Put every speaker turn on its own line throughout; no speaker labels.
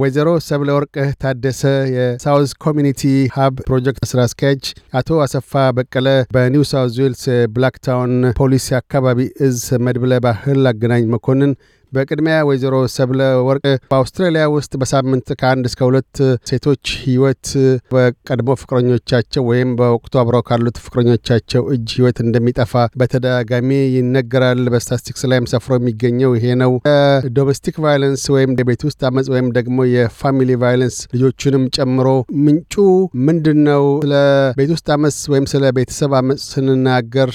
ወይዘሮ ሰብለ ወርቅህ ታደሰ የሳውዝ ኮሚኒቲ ሀብ ፕሮጀክት ስራ አስኪያጅ፣ አቶ አሰፋ በቀለ በኒው ሳውዝ ዌልስ ብላክታውን ፖሊስ አካባቢ እዝ መድብለ ባህል አገናኝ መኮንን በቅድሚያ ወይዘሮ ሰብለ ወርቅ በአውስትራሊያ ውስጥ በሳምንት ከአንድ እስከ ሁለት ሴቶች ህይወት በቀድሞ ፍቅረኞቻቸው ወይም በወቅቱ አብረው ካሉት ፍቅረኞቻቸው እጅ ህይወት እንደሚጠፋ በተደጋጋሚ ይነገራል። በስታስቲክስ ላይም ሰፍሮ የሚገኘው ይሄ ነው። ዶሜስቲክ ቫይለንስ ወይም የቤት ውስጥ አመፅ ወይም ደግሞ የፋሚሊ ቫይለንስ ልጆቹንም ጨምሮ ምንጩ ምንድን ነው? ስለ ቤት ውስጥ አመፅ ወይም ስለ ቤተሰብ አመፅ ስንናገር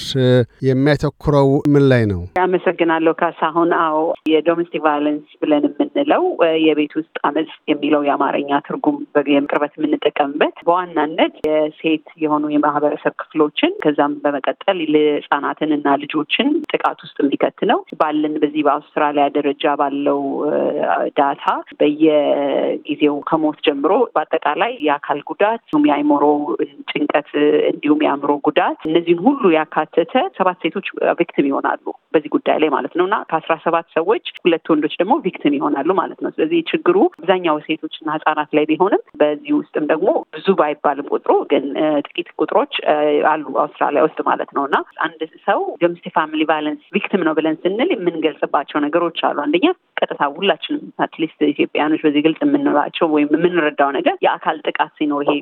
የሚያተኩረው ምን ላይ ነው?
አመሰግናለሁ ካሳሁን። አዎ ዶሜስቲክ ቫዮለንስ ብለን የምንለው የቤት ውስጥ አመፅ የሚለው የአማርኛ ትርጉም ቅርበት የምንጠቀምበት በዋናነት የሴት የሆኑ የማህበረሰብ ክፍሎችን ከዛም በመቀጠል ህጻናትን እና ልጆችን ጥቃት ውስጥ የሚከት ነው። ባለን በዚህ በአውስትራሊያ ደረጃ ባለው ዳታ በየጊዜው ከሞት ጀምሮ በአጠቃላይ የአካል ጉዳት እንዲሁም የአይምሮ ጭንቀት እንዲሁም የአእምሮ ጉዳት እነዚህን ሁሉ ያካተተ ሰባት ሴቶች ቪክቲም ይሆናሉ በዚህ ጉዳይ ላይ ማለት ነው እና ከአስራ ሰባት ሰዎች ሁለት ወንዶች ደግሞ ቪክቲም ይሆናሉ ማለት ነው። ስለዚህ ችግሩ አብዛኛው ሴቶችና ህጻናት ላይ ቢሆንም በዚህ ውስጥም ደግሞ ብዙ ባይባልም ቁጥሩ ግን ጥቂት ቁጥሮች አሉ አውስትራሊያ ውስጥ ማለት ነው። እና አንድ ሰው ዶሜስቲክ ፋሚሊ ቫለንስ ቪክቲም ነው ብለን ስንል የምንገልጽባቸው ነገሮች አሉ። አንደኛ ቀጥታ ሁላችንም አትሊስት ኢትዮጵያኖች በዚህ ግልጽ የምንላቸው ወይም የምንረዳው ነገር የአካል ጥቃት ሲኖር ይሄ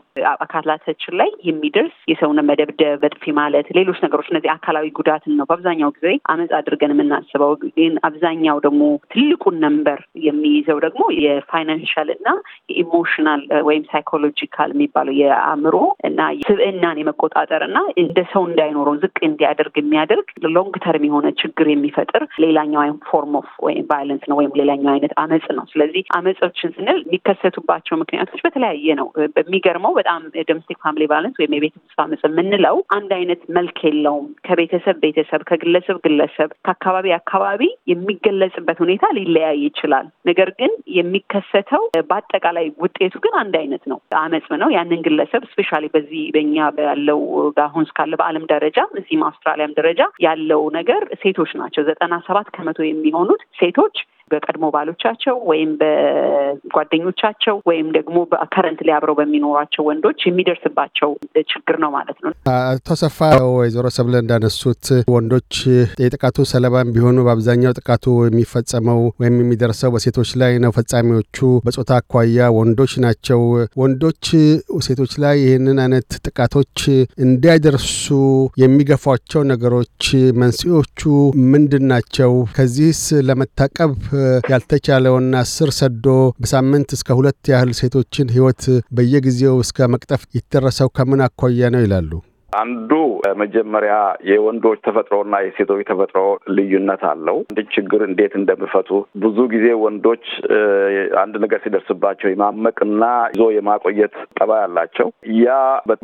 አካላታችን ላይ የሚደርስ የሰውን መደብደብ፣ በጥፊ ማለት፣ ሌሎች ነገሮች እነዚህ አካላዊ ጉዳትን ነው በአብዛኛው ጊዜ አመፅ አድርገን የምናስበው። ግን አብዛኛው ደግሞ ትልቁን ነንበር የሚይዘው ደግሞ የፋይናንሻል እና የኢሞሽናል ወይም ሳይኮሎጂካል የሚባለው የአእምሮ እና ስብዕናን የመቆጣጠር እና እንደ ሰው እንዳይኖረው ዝቅ እንዲያደርግ የሚያደርግ ሎንግ ተርም የሆነ ችግር የሚፈጥር ሌላኛው ፎርም ኦፍ ወይም ቫይለንስ ነው ወይም ሌላኛው አይነት አመፅ ነው። ስለዚህ አመፆችን ስንል የሚከሰቱባቸው ምክንያቶች በተለያየ ነው። በሚገርመው በጣም ዶሜስቲክ ፋሚሊ ቫይለንስ ወይም የቤተሰብ አመፅ የምንለው አንድ አይነት መልክ የለውም። ከቤተሰብ ቤተሰብ፣ ከግለሰብ ግለሰብ፣ ከአካባቢ አካባቢ የሚገለጽበት የሚሆንበት ሁኔታ ሊለያይ ይችላል። ነገር ግን የሚከሰተው በአጠቃላይ ውጤቱ ግን አንድ አይነት ነው፣ አመፅ ነው። ያንን ግለሰብ ስፔሻሊ በዚህ በኛ ያለው በአሁን እስካለ በዓለም ደረጃ እዚህም አውስትራሊያም ደረጃ ያለው ነገር ሴቶች ናቸው። ዘጠና ሰባት ከመቶ የሚሆኑት ሴቶች በቀድሞ ባሎቻቸው ወይም በጓደኞቻቸው ወይም ደግሞ ከረንት ላይ አብረው በሚኖሯቸው ወንዶች የሚደርስባቸው ችግር ነው ማለት ነው።
አቶ ሰፋ ወይዘሮ ሰብለ እንዳነሱት ወንዶች የጥቃቱ ሰለባም ቢሆኑ በአብዛኛው ጥቃቱ የሚፈጸመው ወይም የሚደርሰው በሴቶች ላይ ነው። ፈጻሚዎቹ በጾታ አኳያ ወንዶች ናቸው። ወንዶች ሴቶች ላይ ይህንን አይነት ጥቃቶች እንዲያደርሱ የሚገፏቸው ነገሮች መንስኤዎቹ ምንድን ናቸው? ከዚህስ ለመታቀብ ያልተቻለውና ስር ሰዶ በሳምንት እስከ ሁለት ያህል ሴቶችን ህይወት በየጊዜው እስከ መቅጠፍ ይደረሰው ከምን አኳያ ነው ይላሉ?
አንዱ መጀመሪያ የወንዶች ተፈጥሮና የሴቶች ተፈጥሮ ልዩነት አለው። አንድ ችግር እንዴት እንደሚፈቱ ብዙ ጊዜ ወንዶች አንድ ነገር ሲደርስባቸው የማመቅና ይዞ የማቆየት ጠባይ አላቸው። ያ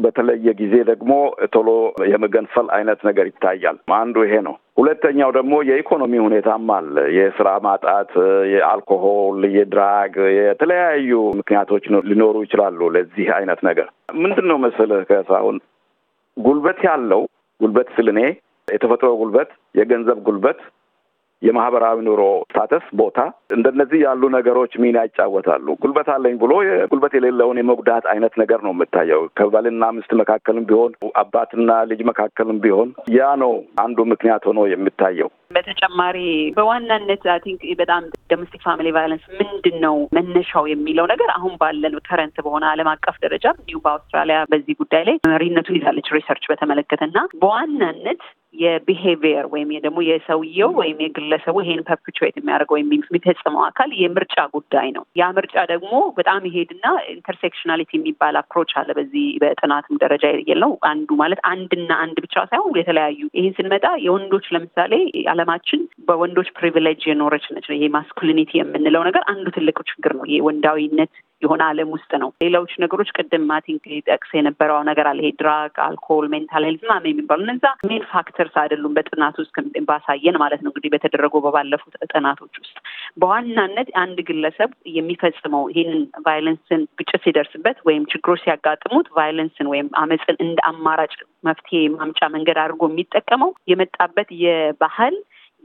በተለየ ጊዜ ደግሞ ቶሎ የመገንፈል አይነት ነገር ይታያል። አንዱ ይሄ ነው። ሁለተኛው ደግሞ የኢኮኖሚ ሁኔታም አለ። የስራ ማጣት፣ የአልኮሆል፣ የድራግ የተለያዩ ምክንያቶች ሊኖሩ ይችላሉ። ለዚህ አይነት ነገር ምንድን ነው መሰለህ ከሳሁን ጉልበት ያለው ጉልበት ስል እኔ የተፈጥሮ ጉልበት፣ የገንዘብ ጉልበት፣ የማህበራዊ ኑሮ ስታተስ፣ ቦታ እንደነዚህ ያሉ ነገሮች ሚና ይጫወታሉ። ጉልበት አለኝ ብሎ ጉልበት የሌለውን የመጉዳት አይነት ነገር ነው የምታየው። ከባልና ሚስት መካከልም ቢሆን አባትና ልጅ መካከልም ቢሆን ያ ነው አንዱ ምክንያት ሆኖ የሚታየው።
በተጨማሪ በዋናነት አይ ቲንክ በጣም ዶሜስቲክ ፋሚሊ ቫዮለንስ ምንድን ነው መነሻው የሚለው ነገር አሁን ባለን ከረንት በሆነ ዓለም አቀፍ ደረጃ እንዲሁም በአውስትራሊያ በዚህ ጉዳይ ላይ መሪነቱን ይዛለች ሪሰርች በተመለከተ እና በዋናነት የቢሄቪየር ወይም ደግሞ የሰውየው ወይም የግለሰቡ ይሄን ፐርፔቹዌት የሚያደርገው የሚፈጽመው አካል የምርጫ ጉዳይ ነው። ያ ምርጫ ደግሞ በጣም ይሄድና ኢንተርሴክሽናሊቲ የሚባል አፕሮች አለ። በዚህ በጥናትም ደረጃ የለው አንዱ ማለት አንድና አንድ ብቻ ሳይሆን የተለያዩ ይህን ስንመጣ የወንዶች ለምሳሌ አለማችን በወንዶች ፕሪቪሌጅ የኖረች ነች። ይሄ ማስኩሊኒቲ የምንለው ነገር አንዱ ትልቁ ችግር ነው። ይሄ ወንዳዊነት የሆነ አለም ውስጥ ነው። ሌሎች ነገሮች ቅድም ማቲንግ ጠቅስ የነበረው ነገር አለ። ይሄ ድራግ፣ አልኮል፣ ሜንታል ሄልዝ ምናምን የሚባሉ እነዛ ሜን ፋክተርስ አይደሉም በጥናት ውስጥ ባሳየን ማለት ነው እንግዲህ በተደረጉ በባለፉት ጥናቶች ውስጥ በዋናነት አንድ ግለሰብ የሚፈጽመው ይህንን ቫይለንስን ግጭት ሲደርስበት ወይም ችግሮች ሲያጋጥሙት ቫይለንስን ወይም አመፅን እንደ አማራጭ መፍትሄ ማምጫ መንገድ አድርጎ የሚጠቀመው የመጣበት የባህል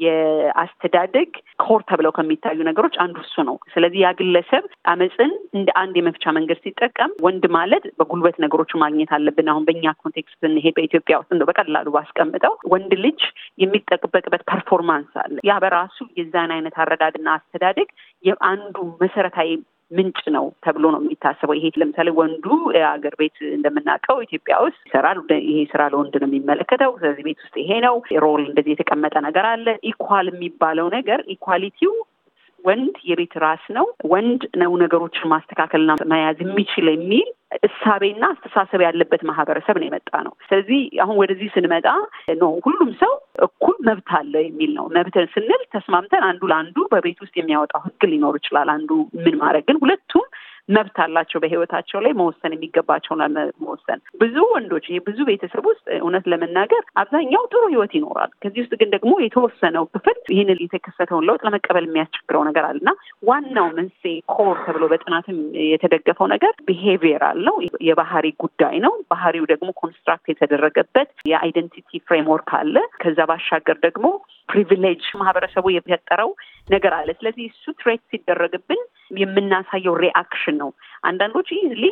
የአስተዳደግ ኮር ተብለው ከሚታዩ ነገሮች አንዱ እሱ ነው። ስለዚህ ያ ግለሰብ አመፅን እንደ አንድ የመፍቻ መንገድ ሲጠቀም ወንድ ማለት በጉልበት ነገሮች ማግኘት አለብን። አሁን በእኛ ኮንቴክስት ብንሄድ በኢትዮጵያ ውስጥ እንደው በቀላሉ ባስቀምጠው ወንድ ልጅ የሚጠበቅበት ፐርፎርማንስ አለ። ያ በራሱ የዛን አይነት አረዳድና አስተዳደግ የአንዱ መሰረታዊ ምንጭ ነው ተብሎ ነው የሚታሰበው። ይሄ ለምሳሌ ወንዱ አገር ቤት እንደምናውቀው ኢትዮጵያ ውስጥ ይሰራል። ይሄ ስራ ለወንድ ነው የሚመለከተው። ስለዚህ ቤት ውስጥ ይሄ ነው ሮል፣ እንደዚህ የተቀመጠ ነገር አለ። ኢኳል የሚባለው ነገር ኢኳሊቲው ወንድ የቤት ራስ ነው፣ ወንድ ነው ነገሮችን ማስተካከልና መያዝ የሚችል የሚል እሳቤና አስተሳሰብ ያለበት ማህበረሰብ ነው የመጣ ነው። ስለዚህ አሁን ወደዚህ ስንመጣ ነው ሁሉም ሰው እኩል መብት አለው የሚል ነው። መብትን ስንል ተስማምተን አንዱ ለአንዱ በቤት ውስጥ የሚያወጣው ህግ ሊኖር ይችላል። አንዱ ምን ማድረግ ግን ሁለቱም መብት አላቸው በህይወታቸው ላይ መወሰን የሚገባቸው መወሰን ብዙ ወንዶች ብዙ ቤተሰብ ውስጥ እውነት ለመናገር አብዛኛው ጥሩ ህይወት ይኖራል። ከዚህ ውስጥ ግን ደግሞ የተወሰነው ክፍል ይህንን የተከሰተውን ለውጥ ለመቀበል የሚያስቸግረው ነገር አለ እና ዋናው መንስኤ ኮር ተብሎ በጥናትም የተደገፈው ነገር ቢሄቪየር አለው የባህሪ ጉዳይ ነው። ባህሪው ደግሞ ኮንስትራክት የተደረገበት የአይደንቲቲ ፍሬምወርክ አለ። ከዛ ባሻገር ደግሞ ፕሪቪሌጅ ማህበረሰቡ የፈጠረው ነገር አለ። ስለዚህ እሱ ትሬት ሲደረግብን የምናሳየው ሪአክሽን ነው። አንዳንዶች ኢዝሊ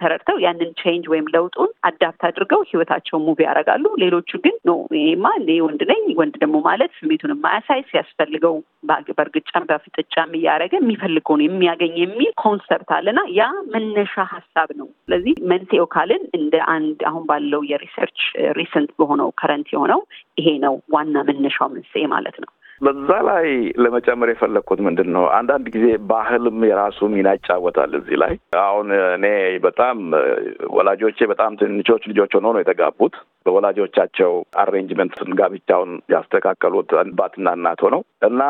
ተረድተው ያንን ቼንጅ ወይም ለውጡን አዳፕት አድርገው ህይወታቸውን ሙቪ ያደርጋሉ። ሌሎቹ ግን ኖ ይሄማ ወንድ ነኝ ወንድ ደግሞ ማለት ስሜቱን የማያሳይ ሲያስፈልገው በእርግጫም በፍጥጫም እያደረገ የሚፈልገው ነው የሚያገኝ የሚል ኮንሰፕት አለና ያ መነሻ ሀሳብ ነው። ስለዚህ መንስኤው ካልን እንደ አንድ አሁን ባለው የሪሰርች ሪሰንት በሆነው ከረንት የሆነው ይሄ ነው ዋና መነሻው መንስኤ ማለት ነው።
በዛ ላይ ለመጨመር የፈለግኩት ምንድን ነው፣ አንዳንድ ጊዜ ባህልም የራሱ ሚና ይጫወታል እዚህ ላይ። አሁን እኔ በጣም ወላጆቼ በጣም ትንንሾች ልጆች ሆነው ነው የተጋቡት። በወላጆቻቸው አሬንጅመንት ጋብቻውን ያስተካከሉት አባትና እናት ሆነው እና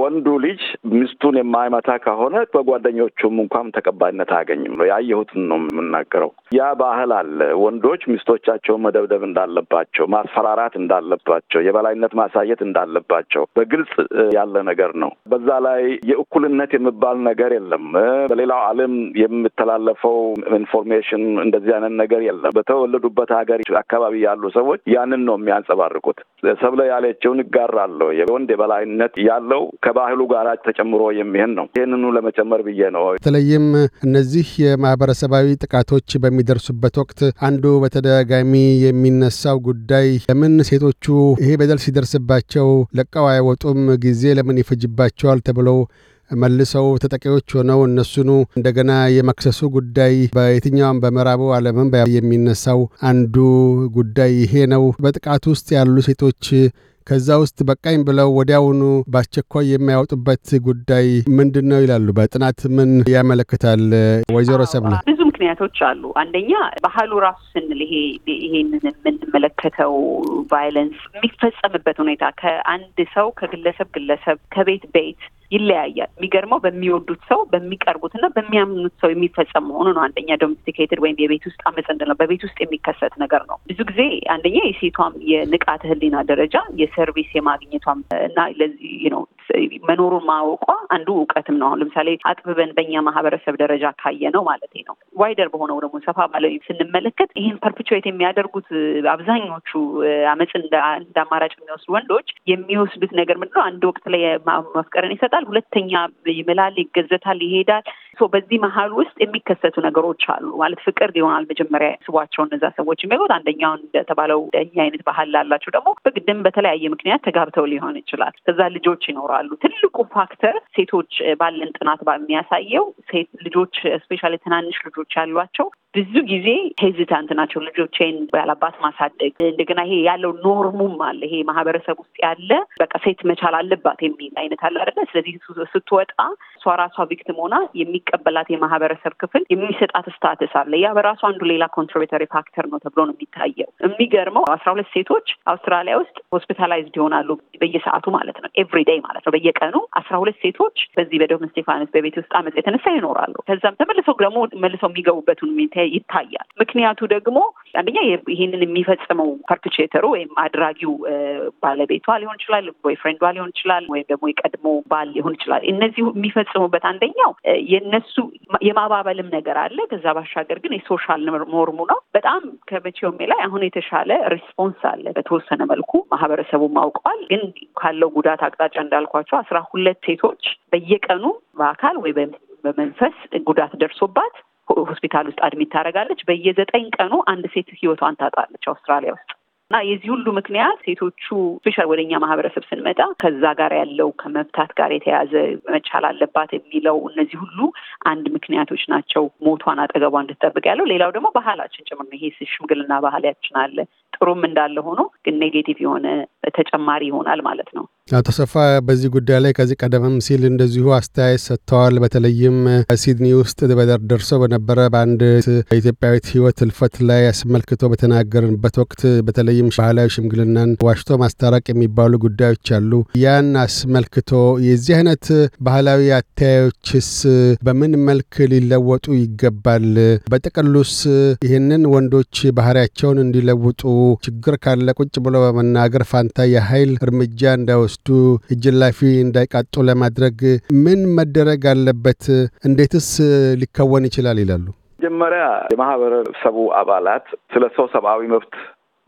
ወንዱ ልጅ ሚስቱን የማይመታ ከሆነ በጓደኞቹም እንኳም ተቀባይነት አያገኝም። ያየሁትን ነው የምናገረው። ያ ባህል አለ። ወንዶች ሚስቶቻቸው መደብደብ እንዳለባቸው፣ ማስፈራራት እንዳለባቸው፣ የበላይነት ማሳየት እንዳለባቸው በግልጽ ያለ ነገር ነው። በዛ ላይ የእኩልነት የሚባል ነገር የለም። በሌላው ዓለም የምተላለፈው ኢንፎርሜሽን እንደዚህ አይነት ነገር የለም። በተወለዱበት ሀገር አካባቢ ያሉ ሰዎች ያንን ነው የሚያንጸባርቁት። ሰብለ ያለችውን እጋራለሁ። የወንድ የበላይነት ያለው ከባህሉ ጋር ተጨምሮ የሚሄን ነው። ይህንኑ ለመጨመር ብዬ ነው።
በተለይም እነዚህ የማህበረሰባዊ ጥቃቶች በሚደርሱበት ወቅት አንዱ በተደጋጋሚ የሚነሳው ጉዳይ ለምን ሴቶቹ ይሄ በደል ሲደርስባቸው ለቀው አይወጡም? ጊዜ ለምን ይፈጅባቸዋል? ተብለው መልሰው ተጠቂዎች ሆነው እነሱኑ እንደገና የመክሰሱ ጉዳይ በየትኛውም በምዕራቡ ዓለምም የሚነሳው አንዱ ጉዳይ ይሄ ነው። በጥቃት ውስጥ ያሉ ሴቶች ከዛ ውስጥ በቃኝ ብለው ወዲያውኑ በአስቸኳይ የሚያወጡበት ጉዳይ ምንድን ነው ይላሉ። በጥናት ምን ያመለክታል? ወይዘሮ ሰብለ
ምክንያቶች አሉ። አንደኛ ባህሉ ራሱ ስንል ይሄ ይሄንን የምንመለከተው ቫይለንስ የሚፈጸምበት ሁኔታ ከአንድ ሰው ከግለሰብ ግለሰብ ከቤት ቤት ይለያያል። የሚገርመው በሚወዱት ሰው በሚቀርቡትና በሚያምኑት ሰው የሚፈጸም መሆኑ ነው። አንደኛ ዶሜስቲኬትድ ወይም የቤት ውስጥ አመፅ ነው። በቤት ውስጥ የሚከሰት ነገር ነው። ብዙ ጊዜ አንደኛ የሴቷም የንቃተ ህሊና ደረጃ የሰርቪስ የማግኘቷም እና ለዚህ ነው መኖሩን ማወቋ አንዱ እውቀትም ነው። አሁን ለምሳሌ አጥብበን በእኛ ማህበረሰብ ደረጃ ካየ ነው ማለት ነው። ዋይደር በሆነው ደግሞ ሰፋ ባለ ስንመለከት ይህን ፐርፔቹዌት የሚያደርጉት አብዛኞቹ አመፅ እንደ አማራጭ የሚወስዱ ወንዶች የሚወስዱት ነገር ምንድነው? አንድ ወቅት ላይ መፍቀርን ይሰጣል፣ ሁለተኛ ይምላል፣ ይገዘታል፣ ይሄዳል ሶ በዚህ መሀል ውስጥ የሚከሰቱ ነገሮች አሉ ማለት ፍቅር ይሆናል መጀመሪያ ስቧቸው እነዛ ሰዎች የሚሉት አንደኛው እንደተባለው እኛ አይነት ባህል ላላቸው ደግሞ በግድም በተለያየ ምክንያት ተጋብተው ሊሆን ይችላል። ከዛ ልጆች ይኖራሉ። ትልቁ ፋክተር ሴቶች ባለን ጥናት የሚያሳየው ሴት ልጆች ስፔሻሊ ትናንሽ ልጆች ያሏቸው ብዙ ጊዜ ሄዚታንት ናቸው። ልጆቼን ያላባት ማሳደግ እንደገና ይሄ ያለው ኖርሙም አለ። ይሄ ማህበረሰብ ውስጥ ያለ በቃ ሴት መቻል አለባት የሚል አይነት አለ አይደለ? ስለዚህ ስትወጣ እሷ ራሷ ቪክትም ሆና የሚ የሚቀበላት የማህበረሰብ ክፍል የሚሰጣት ስታትስ አለ። ያ በራሱ አንዱ ሌላ ኮንትሪቢተሪ ፋክተር ነው ተብሎ ነው የሚታየው። የሚገርመው አስራ ሁለት ሴቶች አውስትራሊያ ውስጥ ሆስፒታላይዝድ ይሆናሉ በየሰዓቱ ማለት ነው፣ ኤቭሪዴይ ማለት ነው። በየቀኑ አስራ ሁለት ሴቶች በዚህ በዶሜስቲክ ቫዮለንስ በቤት ውስጥ አመፅ የተነሳ ይኖራሉ። ከዛም ተመልሰው ደግሞ መልሰው የሚገቡበት ይታያል። ምክንያቱ ደግሞ አንደኛ ይህንን የሚፈጽመው ፐርፔትሬተሩ ወይም አድራጊው ባለቤቷ ሊሆን ይችላል፣ ቦይፍሬንዷ ሊሆን ይችላል፣ ወይም ደግሞ የቀድሞ ባል ሊሆን ይችላል። እነዚህ የሚፈጽሙበት አንደኛው የነ የነሱ የማባበልም ነገር አለ። ከዛ ባሻገር ግን የሶሻል ኖርሙ ነው። በጣም ከመቼውም ላይ አሁን የተሻለ ሪስፖንስ አለ። በተወሰነ መልኩ ማህበረሰቡም አውቀዋል። ግን ካለው ጉዳት አቅጣጫ እንዳልኳቸው አስራ ሁለት ሴቶች በየቀኑ በአካል ወይ በመንፈስ ጉዳት ደርሶባት ሆስፒታል ውስጥ አድሚት ታደርጋለች። በየዘጠኝ ቀኑ አንድ ሴት ህይወቷን ታጣለች አውስትራሊያ ውስጥ እና የዚህ ሁሉ ምክንያት ሴቶቹ ስፔሻል እኛ ማህበረሰብ ስንመጣ ከዛ ጋር ያለው ከመብታት ጋር የተያዘ መቻል አለባት የሚለው እነዚህ ሁሉ አንድ ምክንያቶች ናቸው። ሞቷን አጠገቧ እንድትጠብቅ ያለው ሌላው ደግሞ ባህላችን ጭምር ነው። ይሄ ሽምግልና ባህላችን አለ። ጥሩም እንዳለ ሆኖ ግን ኔጌቲቭ የሆነ ተጨማሪ ይሆናል ማለት ነው።
አቶ ሰፋ በዚህ ጉዳይ ላይ ከዚህ ቀደምም ሲል እንደዚሁ አስተያየት ሰጥተዋል። በተለይም ሲድኒ ውስጥ ደርሰው በነበረ በአንድ ኢትዮጵያዊት ሕይወት እልፈት ላይ አስመልክቶ በተናገርንበት ወቅት በተለይም ባህላዊ ሽምግልናን ዋሽቶ ማስታረቅ የሚባሉ ጉዳዮች አሉ። ያን አስመልክቶ የዚህ አይነት ባህላዊ አተያዮችስ በምን መልክ ሊለወጡ ይገባል? በጥቅሉስ ይህንን ወንዶች ባህሪያቸውን እንዲለውጡ ችግር ካለ ቁጭ ብሎ በመናገር ፋንታ የኃይል እርምጃ እንዳይወስዱ እጅላፊ ላፊ እንዳይቃጡ ለማድረግ ምን መደረግ አለበት? እንዴትስ ሊከወን ይችላል? ይላሉ።
መጀመሪያ የማህበረሰቡ አባላት ስለ ሰው ሰብአዊ መብት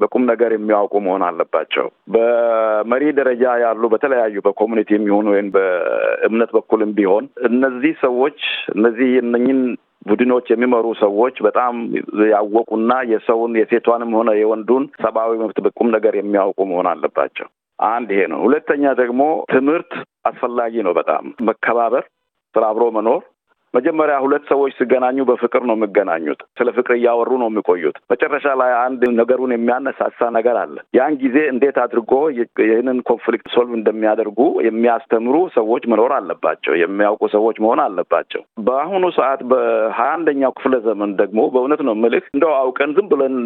በቁም ነገር የሚያውቁ መሆን አለባቸው። በመሪ ደረጃ ያሉ በተለያዩ በኮሚኒቲ የሚሆኑ ወይም በእምነት በኩልም ቢሆን እነዚህ ሰዎች እነዚህ እነኝን ቡድኖች የሚመሩ ሰዎች በጣም ያወቁና የሰውን የሴቷንም ሆነ የወንዱን ሰብአዊ መብት በቁም ነገር የሚያውቁ መሆን አለባቸው። አንድ ይሄ ነው። ሁለተኛ ደግሞ ትምህርት አስፈላጊ ነው። በጣም መከባበር፣ ስራ አብሮ መኖር መጀመሪያ ሁለት ሰዎች ሲገናኙ በፍቅር ነው የሚገናኙት። ስለ ፍቅር እያወሩ ነው የሚቆዩት። መጨረሻ ላይ አንድ ነገሩን የሚያነሳሳ ነገር አለ። ያን ጊዜ እንዴት አድርጎ ይህንን ኮንፍሊክት ሶልቭ እንደሚያደርጉ የሚያስተምሩ ሰዎች መኖር አለባቸው። የሚያውቁ ሰዎች መሆን አለባቸው። በአሁኑ ሰዓት በሀያ አንደኛው ክፍለ ዘመን ደግሞ በእውነት ነው ምልክ እንደው አውቀን ዝም ብለን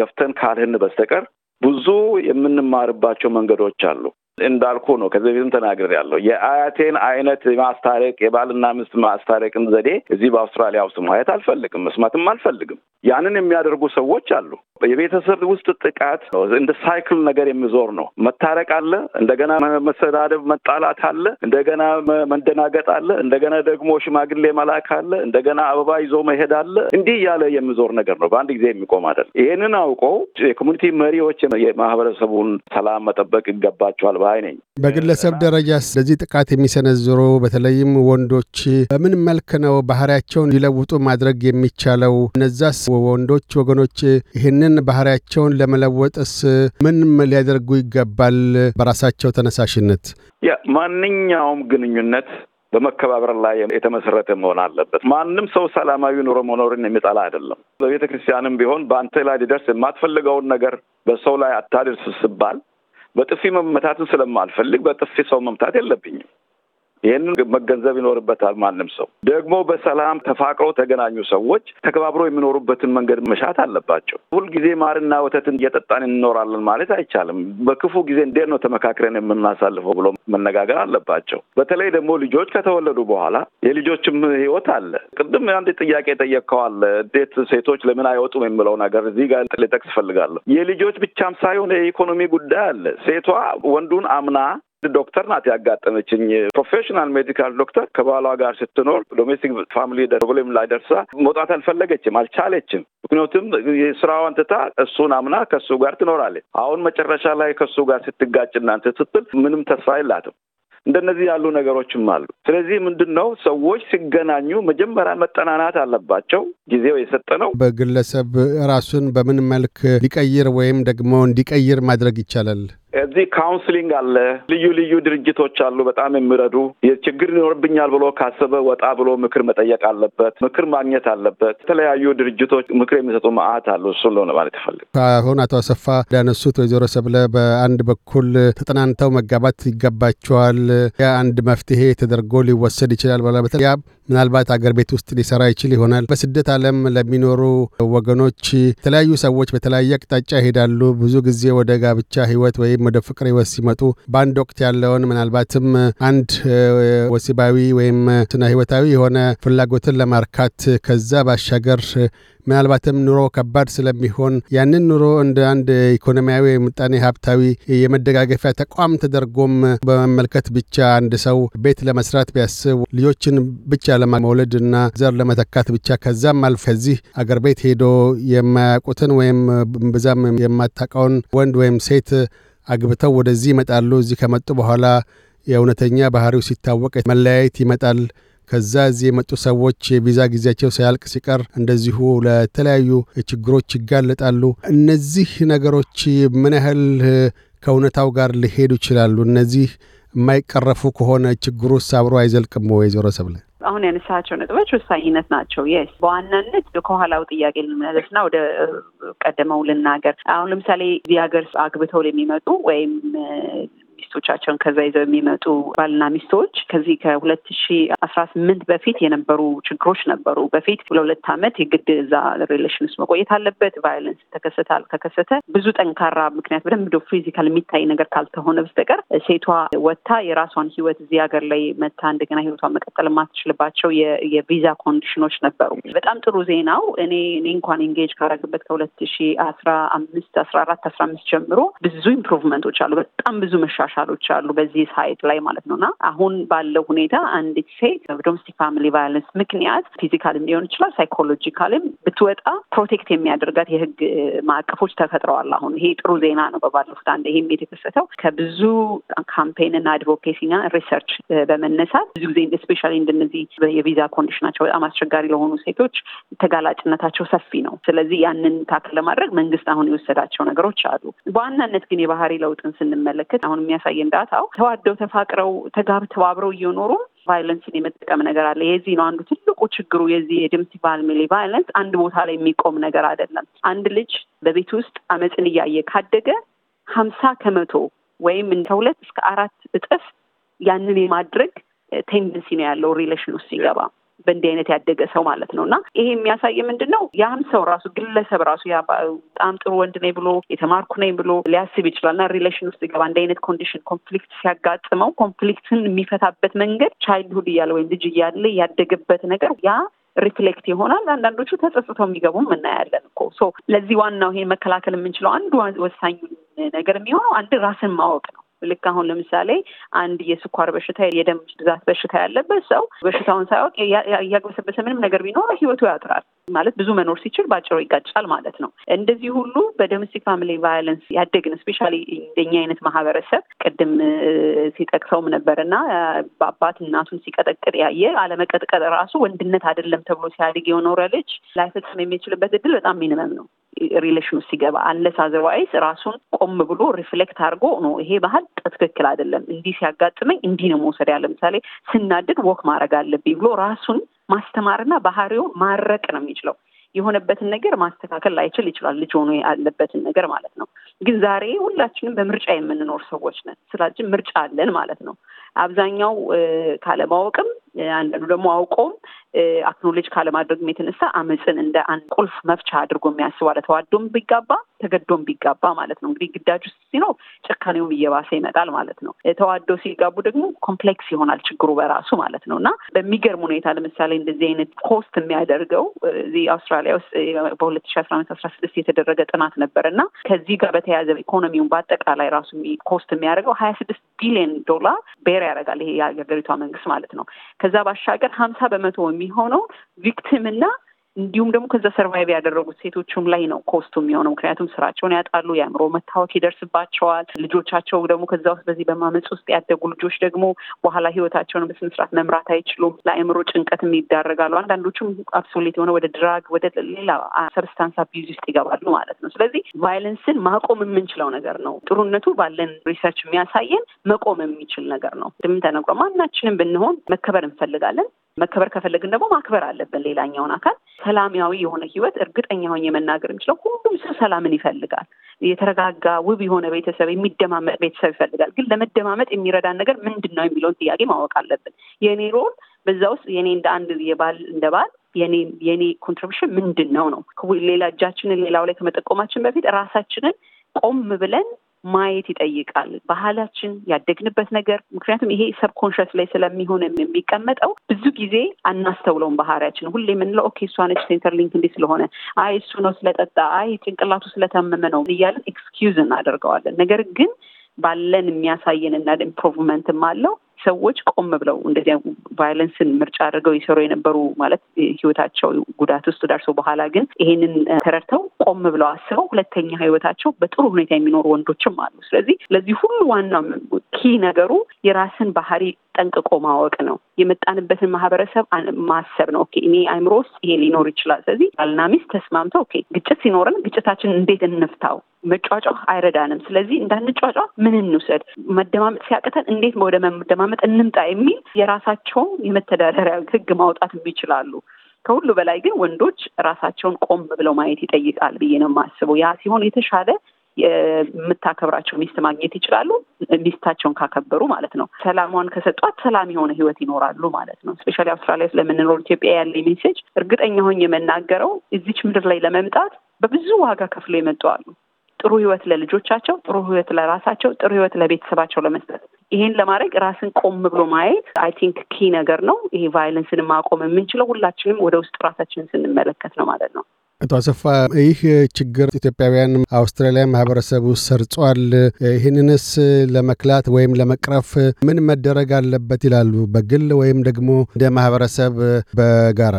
ገፍተን ካልህን በስተቀር ብዙ የምንማርባቸው መንገዶች አሉ። እንዳልኩ ነው። ከዚህ በፊትም ተናግሬ ያለው የአያቴን አይነት ማስታረቅ የባልና ሚስት ማስታረቅን ዘዴ እዚህ በአውስትራሊያ ውስጥ ማየት አልፈልግም፣ መስማትም አልፈልግም። ያንን የሚያደርጉ ሰዎች አሉ። የቤተሰብ ውስጥ ጥቃት እንደ ሳይክል ነገር የሚዞር ነው። መታረቅ አለ፣ እንደገና መሰዳደብ፣ መጣላት አለ፣ እንደገና መንደናገጥ አለ፣ እንደገና ደግሞ ሽማግሌ መላክ አለ፣ እንደገና አበባ ይዞ መሄድ አለ። እንዲህ እያለ የሚዞር ነገር ነው። በአንድ ጊዜ የሚቆም አይደለም። ይህንን አውቀው የኮሚኒቲ መሪዎች የማህበረሰቡን ሰላም መጠበቅ ይገባቸዋል። ባይ ነኝ።
በግለሰብ ደረጃስ ለዚህ ጥቃት የሚሰነዝሩ በተለይም ወንዶች በምን መልክ ነው ባህሪያቸውን ሊለውጡ ማድረግ የሚቻለው? እነዛስ ወንዶች ወገኖች ይህንን ባህሪያቸውን ለመለወጥስ ምን ሊያደርጉ ይገባል? በራሳቸው ተነሳሽነት
ማንኛውም ግንኙነት በመከባበር ላይ የተመሰረተ መሆን አለበት። ማንም ሰው ሰላማዊ ኑሮ መኖርን የሚጠላ አይደለም። በቤተ ክርስቲያንም ቢሆን በአንተ ላይ ሊደርስ የማትፈልገውን ነገር በሰው ላይ አታድርስ ስባል በጥፊ መመታትን ስለማልፈልግ በጥፊ ሰው መምታት የለብኝም። ይህንን መገንዘብ ይኖርበታል። ማንም ሰው ደግሞ በሰላም ተፋቅረው ተገናኙ ሰዎች ተከባብረው የሚኖሩበትን መንገድ መሻት አለባቸው። ሁልጊዜ ማርና ወተትን እየጠጣን እንኖራለን ማለት አይቻልም። በክፉ ጊዜ እንዴት ነው ተመካክረን የምናሳልፈው ብሎ መነጋገር አለባቸው። በተለይ ደግሞ ልጆች ከተወለዱ በኋላ የልጆችም ህይወት አለ። ቅድም አንድ ጥያቄ ጠየቅከዋል። እንዴት ሴቶች ለምን አይወጡም የሚለው ነገር እዚህ ጋር ልጠቅስ እፈልጋለሁ። የልጆች ብቻም ሳይሆን የኢኮኖሚ ጉዳይ አለ። ሴቷ ወንዱን አምና ዶክተር ናት ያጋጠመችኝ። ፕሮፌሽናል ሜዲካል ዶክተር ከባሏ ጋር ስትኖር ዶሜስቲክ ፋሚሊ ፕሮብሌም ላይ ደርሳ መውጣት አልፈለገችም፣ አልቻለችም። ምክንያቱም ስራዋን ትታ እሱን አምና ከሱ ጋር ትኖራለች። አሁን መጨረሻ ላይ ከሱ ጋር ስትጋጭ እናንተ ስትል ምንም ተስፋ የላትም። እንደነዚህ ያሉ ነገሮችም አሉ። ስለዚህ ምንድን ነው ሰዎች ሲገናኙ መጀመሪያ መጠናናት አለባቸው። ጊዜው የሰጠ ነው።
በግለሰብ ራሱን በምን መልክ ሊቀይር ወይም ደግሞ እንዲቀይር ማድረግ ይቻላል?
እዚህ ካውንስሊንግ አለ፣ ልዩ ልዩ ድርጅቶች አሉ በጣም የሚረዱ። ችግር ይኖርብኛል ብሎ ካሰበ ወጣ ብሎ ምክር መጠየቅ አለበት፣ ምክር ማግኘት አለበት። የተለያዩ ድርጅቶች ምክር የሚሰጡ መዓት አሉ። እሱን ለሆነ ማለት ይፈልግ
አሁን አቶ አሰፋ እንዳነሱት ወይዘሮ ሰብለ በአንድ በኩል ተጠናንተው መጋባት ይገባቸዋል፣ የአንድ መፍትሄ ተደርጎ ሊወሰድ ይችላል በላ ምናልባት አገር ቤት ውስጥ ሊሰራ ይችል ይሆናል። በስደት ዓለም ለሚኖሩ ወገኖች የተለያዩ ሰዎች በተለያየ አቅጣጫ ይሄዳሉ። ብዙ ጊዜ ወደ ጋብቻ ህይወት ወይም ወደ ፍቅር ህይወት ሲመጡ በአንድ ወቅት ያለውን ምናልባትም አንድ ወሲባዊ ወይም ስነ ህይወታዊ የሆነ ፍላጎትን ለማርካት ከዛ ባሻገር ምናልባትም ኑሮ ከባድ ስለሚሆን ያንን ኑሮ እንደ አንድ ኢኮኖሚያዊ ምጣኔ ሀብታዊ የመደጋገፊያ ተቋም ተደርጎም በመመልከት ብቻ አንድ ሰው ቤት ለመስራት ቢያስብ ልጆችን ብቻ ለመውለድ እና ዘር ለመተካት ብቻ ከዛም አልፍ ከዚህ አገር ቤት ሄዶ የማያውቁትን ወይም ብዛም የማታውቀውን ወንድ ወይም ሴት አግብተው ወደዚህ ይመጣሉ። እዚህ ከመጡ በኋላ የእውነተኛ ባህሪው ሲታወቅ መለያየት ይመጣል። ከዛ እዚህ የመጡ ሰዎች የቪዛ ጊዜያቸው ሳያልቅ ሲቀር እንደዚሁ ለተለያዩ ችግሮች ይጋለጣሉ። እነዚህ ነገሮች ምን ያህል ከእውነታው ጋር ሊሄዱ ይችላሉ? እነዚህ የማይቀረፉ ከሆነ ችግሩስ አብሮ አይዘልቅም? ወይዘሮ ሰብለ
አሁን ያነሳቸው ነጥቦች ወሳኝነት ናቸው። የስ በዋናነት ከኋላው ጥያቄ ና ወደ ቀደመው ልናገር። አሁን ለምሳሌ እዚህ ሀገር አግብተው ለሚመጡ ወይም ሚስቶቻቸውን ከዛ ይዘው የሚመጡ ባልና ሚስቶች ከዚህ ከሁለት ሺ አስራ ስምንት በፊት የነበሩ ችግሮች ነበሩ። በፊት ለሁለት ዓመት የግድ እዛ ሪሌሽን ውስጥ መቆየት አለበት። ቫይለንስ ተከሰተ አልተከሰተ ብዙ ጠንካራ ምክንያት በደንብ ፊዚካል የሚታይ ነገር ካልተሆነ በስተቀር ሴቷ ወጥታ የራሷን ህይወት እዚህ ሀገር ላይ መታ እንደገና ህይወቷን መቀጠል የማትችልባቸው የቪዛ ኮንዲሽኖች ነበሩ። በጣም ጥሩ ዜናው እኔ እኔ እንኳን ኢንጌጅ ካረግበት ከሁለት ሺ አስራ አምስት አስራ አራት አስራ አምስት ጀምሮ ብዙ ኢምፕሩቭመንቶች አሉ። በጣም ብዙ መሻሻል ሆስፒታሎች አሉ በዚህ ሳይት ላይ ማለት ነው እና አሁን ባለው ሁኔታ አንዲት ሴት በዶሜስቲክ ፋሚሊ ቫዮለንስ ምክንያት ፊዚካልም ሊሆን ይችላል ሳይኮሎጂካልም ብትወጣ ፕሮቴክት የሚያደርጋት የህግ ማዕቀፎች ተፈጥረዋል። አሁን ይሄ ጥሩ ዜና ነው። በባለፉት አንድ ይሄም የተከሰተው ከብዙ ካምፔን እና አድቮኬሲ እና ሪሰርች በመነሳት ብዙ ጊዜ ስፔሻሊ እንደነዚህ የቪዛ ኮንዲሽናቸው በጣም አስቸጋሪ ለሆኑ ሴቶች ተጋላጭነታቸው ሰፊ ነው። ስለዚህ ያንን ታክል ለማድረግ መንግስት አሁን የወሰዳቸው ነገሮች አሉ። በዋናነት ግን የባህሪ ለውጥን ስንመለከት አሁን የሚያሳ የሚያሳይ ዳታው ተዋደው ተፋቅረው ተጋብተው አብረው እየኖሩ ቫይለንስን የመጠቀም ነገር አለ። የዚህ ነው አንዱ ትልቁ ችግሩ። የዚህ የድምሲ ፋሚሊ ቫይለንስ አንድ ቦታ ላይ የሚቆም ነገር አይደለም። አንድ ልጅ በቤት ውስጥ አመፅን እያየ ካደገ ሀምሳ ከመቶ ወይም እንደ ሁለት እስከ አራት እጥፍ ያንን የማድረግ ቴንደንሲ ነው ያለው ሪሌሽን ውስጥ ሲገባ በእንዲህ አይነት ያደገ ሰው ማለት ነው እና ይሄ የሚያሳይ ምንድን ነው ያም ሰው ራሱ ግለሰብ ራሱ በጣም ጥሩ ወንድ ነኝ ብሎ የተማርኩ ነኝ ብሎ ሊያስብ ይችላል እና ሪሌሽን ውስጥ ይገባ እንዲህ አይነት ኮንዲሽን ኮንፍሊክት ሲያጋጥመው ኮንፍሊክትን የሚፈታበት መንገድ ቻይልድሁድ እያለ ወይም ልጅ እያለ ያደገበት ነገር ያ ሪፍሌክት ይሆናል። አንዳንዶቹ ተጸጽተው የሚገቡም እናያለን እኮ ሶ ለዚህ ዋናው ይሄ መከላከል የምንችለው አንዱ ወሳኙ ነገር የሚሆነው አንድ ራስን ማወቅ ነው። ልክ አሁን ለምሳሌ አንድ የስኳር በሽታ የደም ብዛት በሽታ ያለበት ሰው በሽታውን ሳያውቅ እያግበሰበሰ ምንም ነገር ቢኖር ህይወቱ ያጥራል ማለት ብዙ መኖር ሲችል በአጭሩ ይጋጫል ማለት ነው። እንደዚህ ሁሉ በዶሜስቲክ ፋሚሊ ቫዮለንስ ያደግን ስፔሻሊ እንደኛ አይነት ማህበረሰብ ቅድም ሲጠቅሰውም ነበር እና በአባት እናቱን ሲቀጠቅጥ ያየ አለመቀጥቀጥ ራሱ ወንድነት አይደለም ተብሎ ሲያድግ የኖረ ልጅ ላይፈጽም የሚችልበት እድል በጣም ሚኒመም ነው። ሪሌሽኑ ሲገባ አንለስ አዘርዋይዝ ራሱን ቆም ብሎ ሪፍሌክት አድርጎ ነው ይሄ ባህል ትክክል አይደለም፣ እንዲህ ሲያጋጥመኝ እንዲህ ነው መውሰድ ያለ ለምሳሌ ስናድግ ወክ ማድረግ አለብኝ ብሎ ራሱን ማስተማርና ባህሪውን ማረቅ ነው የሚችለው። የሆነበትን ነገር ማስተካከል ላይችል ይችላል፣ ልጅ ሆኖ ያለበትን ነገር ማለት ነው። ግን ዛሬ ሁላችንም በምርጫ የምንኖር ሰዎች ነን። ስላችን ምርጫ አለን ማለት ነው። አብዛኛው ካለማወቅም አንዳንዱ ደግሞ አውቆም አክኖሌጅ ካለማድረግም የተነሳ አመፅን እንደ አንድ ቁልፍ መፍቻ አድርጎ የሚያስባለ ተዋዶም ቢጋባ ተገዶም ቢጋባ ማለት ነው። እንግዲህ ግዳጅ ውስጥ ሲኖር ጭካኔውም እየባሰ ይመጣል ማለት ነው። ተዋዶ ሲጋቡ ደግሞ ኮምፕሌክስ ይሆናል ችግሩ በራሱ ማለት ነው እና በሚገርም ሁኔታ ለምሳሌ እንደዚህ አይነት ኮስት የሚያደርገው እዚህ አውስትራሊያ ውስጥ በሁለት ሺ አስራ አምስት አስራ ስድስት የተደረገ ጥናት ነበር እና ከዚህ ጋር በተያያዘ ኢኮኖሚውን በአጠቃላይ ራሱ ኮስት የሚያደርገው ሀያ ስድስት ቢሊዮን ዶላር ቤር ያደርጋል ይሄ የሀገሪቷ መንግስት ማለት ነው። ከዛ ባሻገር ሀምሳ በመቶ የሚሆነው ቪክቲም እና እንዲሁም ደግሞ ከዛ ሰርቫይቭ ያደረጉት ሴቶቹም ላይ ነው ኮስቱ የሚሆነው። ምክንያቱም ስራቸውን ያጣሉ፣ የአእምሮ መታወክ ይደርስባቸዋል። ልጆቻቸው ደግሞ ከዛ ውስጥ በዚህ በማመፅ ውስጥ ያደጉ ልጆች ደግሞ በኋላ ህይወታቸውን በስነስርዓት መምራት አይችሉም። ለአእምሮ ጭንቀትም ይዳረጋሉ። አንዳንዶቹም አብሶሌት የሆነ ወደ ድራግ ወደ ሌላ ሰብስታንስ አቢዩዝ ውስጥ ይገባሉ ማለት ነው። ስለዚህ ቫይለንስን ማቆም የምንችለው ነገር ነው። ጥሩነቱ ባለን ሪሰርች የሚያሳየን መቆም የሚችል ነገር ነው። ድምን ተነግሮ ማናችንም ብንሆን መከበር እንፈልጋለን። መከበር ከፈለግን ደግሞ ማክበር አለብን ሌላኛውን አካል። ሰላማዊ የሆነ ህይወት እርግጠኛ ሆኜ መናገር የምችለው ሁሉም ሰው ሰላምን ይፈልጋል። የተረጋጋ ውብ የሆነ ቤተሰብ፣ የሚደማመጥ ቤተሰብ ይፈልጋል። ግን ለመደማመጥ የሚረዳን ነገር ምንድን ነው የሚለውን ጥያቄ ማወቅ አለብን። የእኔ ሮል በዛ ውስጥ የኔ እንደ አንድ የባል እንደ ባል የኔ ኮንትሪቢሽን ምንድን ነው ነው ሌላ እጃችንን ሌላው ላይ ከመጠቆማችን በፊት ራሳችንን ቆም ብለን ማየት ይጠይቃል። ባህላችን፣ ያደግንበት ነገር ምክንያቱም ይሄ ሰብኮንሽስ ላይ ስለሚሆን የሚቀመጠው ብዙ ጊዜ አናስተውለውም። ባህሪያችን ሁሌ የምንለው ኦኬ እሷ ነች ሴንተር ሊንክ እንዲህ ስለሆነ፣ አይ እሱ ነው ስለጠጣ፣ አይ ጭንቅላቱ ስለታመመ ነው እያለን ኤክስኪውዝ እናደርገዋለን። ነገር ግን ባለን የሚያሳየን እና ኢምፕሮቭመንትም አለው። ሰዎች ቆም ብለው እንደዚያ ቫይለንስን ምርጫ አድርገው የሰሩ የነበሩ ማለት ህይወታቸው ጉዳት ውስጥ ደርሶ በኋላ ግን ይሄንን ተረድተው ቆም ብለው አስበው ሁለተኛ ህይወታቸው በጥሩ ሁኔታ የሚኖሩ ወንዶችም አሉ። ስለዚህ ለዚህ ሁሉ ዋናው ኪ ነገሩ የራስን ባህሪ ጠንቅቆ ማወቅ ነው። የመጣንበትን ማህበረሰብ ማሰብ ነው። ኦኬ እኔ አይምሮ ውስጥ ይሄ ሊኖር ይችላል። ስለዚህ ባልና ሚስት ተስማምተው ኦኬ ግጭት ሲኖረን ግጭታችን እንዴት እንፍታው መጫጫ አይረዳንም። ስለዚህ እንዳንጫጫ ምን እንውሰድ፣ መደማመጥ ሲያቅተን እንዴት ወደ መደማመጥ እንምጣ የሚል የራሳቸው የመተዳደሪያ ህግ ማውጣት የሚችላሉ። ከሁሉ በላይ ግን ወንዶች ራሳቸውን ቆም ብለው ማየት ይጠይቃል ብዬ ነው የማስበው። ያ ሲሆን የተሻለ የምታከብራቸው ሚስት ማግኘት ይችላሉ። ሚስታቸውን ካከበሩ ማለት ነው። ሰላሟን ከሰጧት ሰላም የሆነ ህይወት ይኖራሉ ማለት ነው። ስፔሻሊ አውስትራሊያ ስለምንኖር ኢትዮጵያ ያለ ሜሴጅ እርግጠኛ ሆኜ የምናገረው እዚች ምድር ላይ ለመምጣት በብዙ ዋጋ ከፍሎ የመጡ አሉ። ጥሩ ህይወት ለልጆቻቸው፣ ጥሩ ህይወት ለራሳቸው፣ ጥሩ ህይወት ለቤተሰባቸው ለመስጠት ይሄን ለማድረግ ራስን ቆም ብሎ ማየት አይ ቲንክ ኪ ነገር ነው። ይሄ ቫይለንስን ማቆም የምንችለው ሁላችንም ወደ ውስጥ ራሳችንን ስንመለከት ነው ማለት ነው።
አቶ አሰፋ ይህ ችግር ኢትዮጵያውያን አውስትራሊያ ማህበረሰብ ውስጥ ሰርጿል። ይህንንስ ለመክላት ወይም ለመቅረፍ ምን መደረግ አለበት ይላሉ? በግል ወይም ደግሞ እንደ ማህበረሰብ በጋራ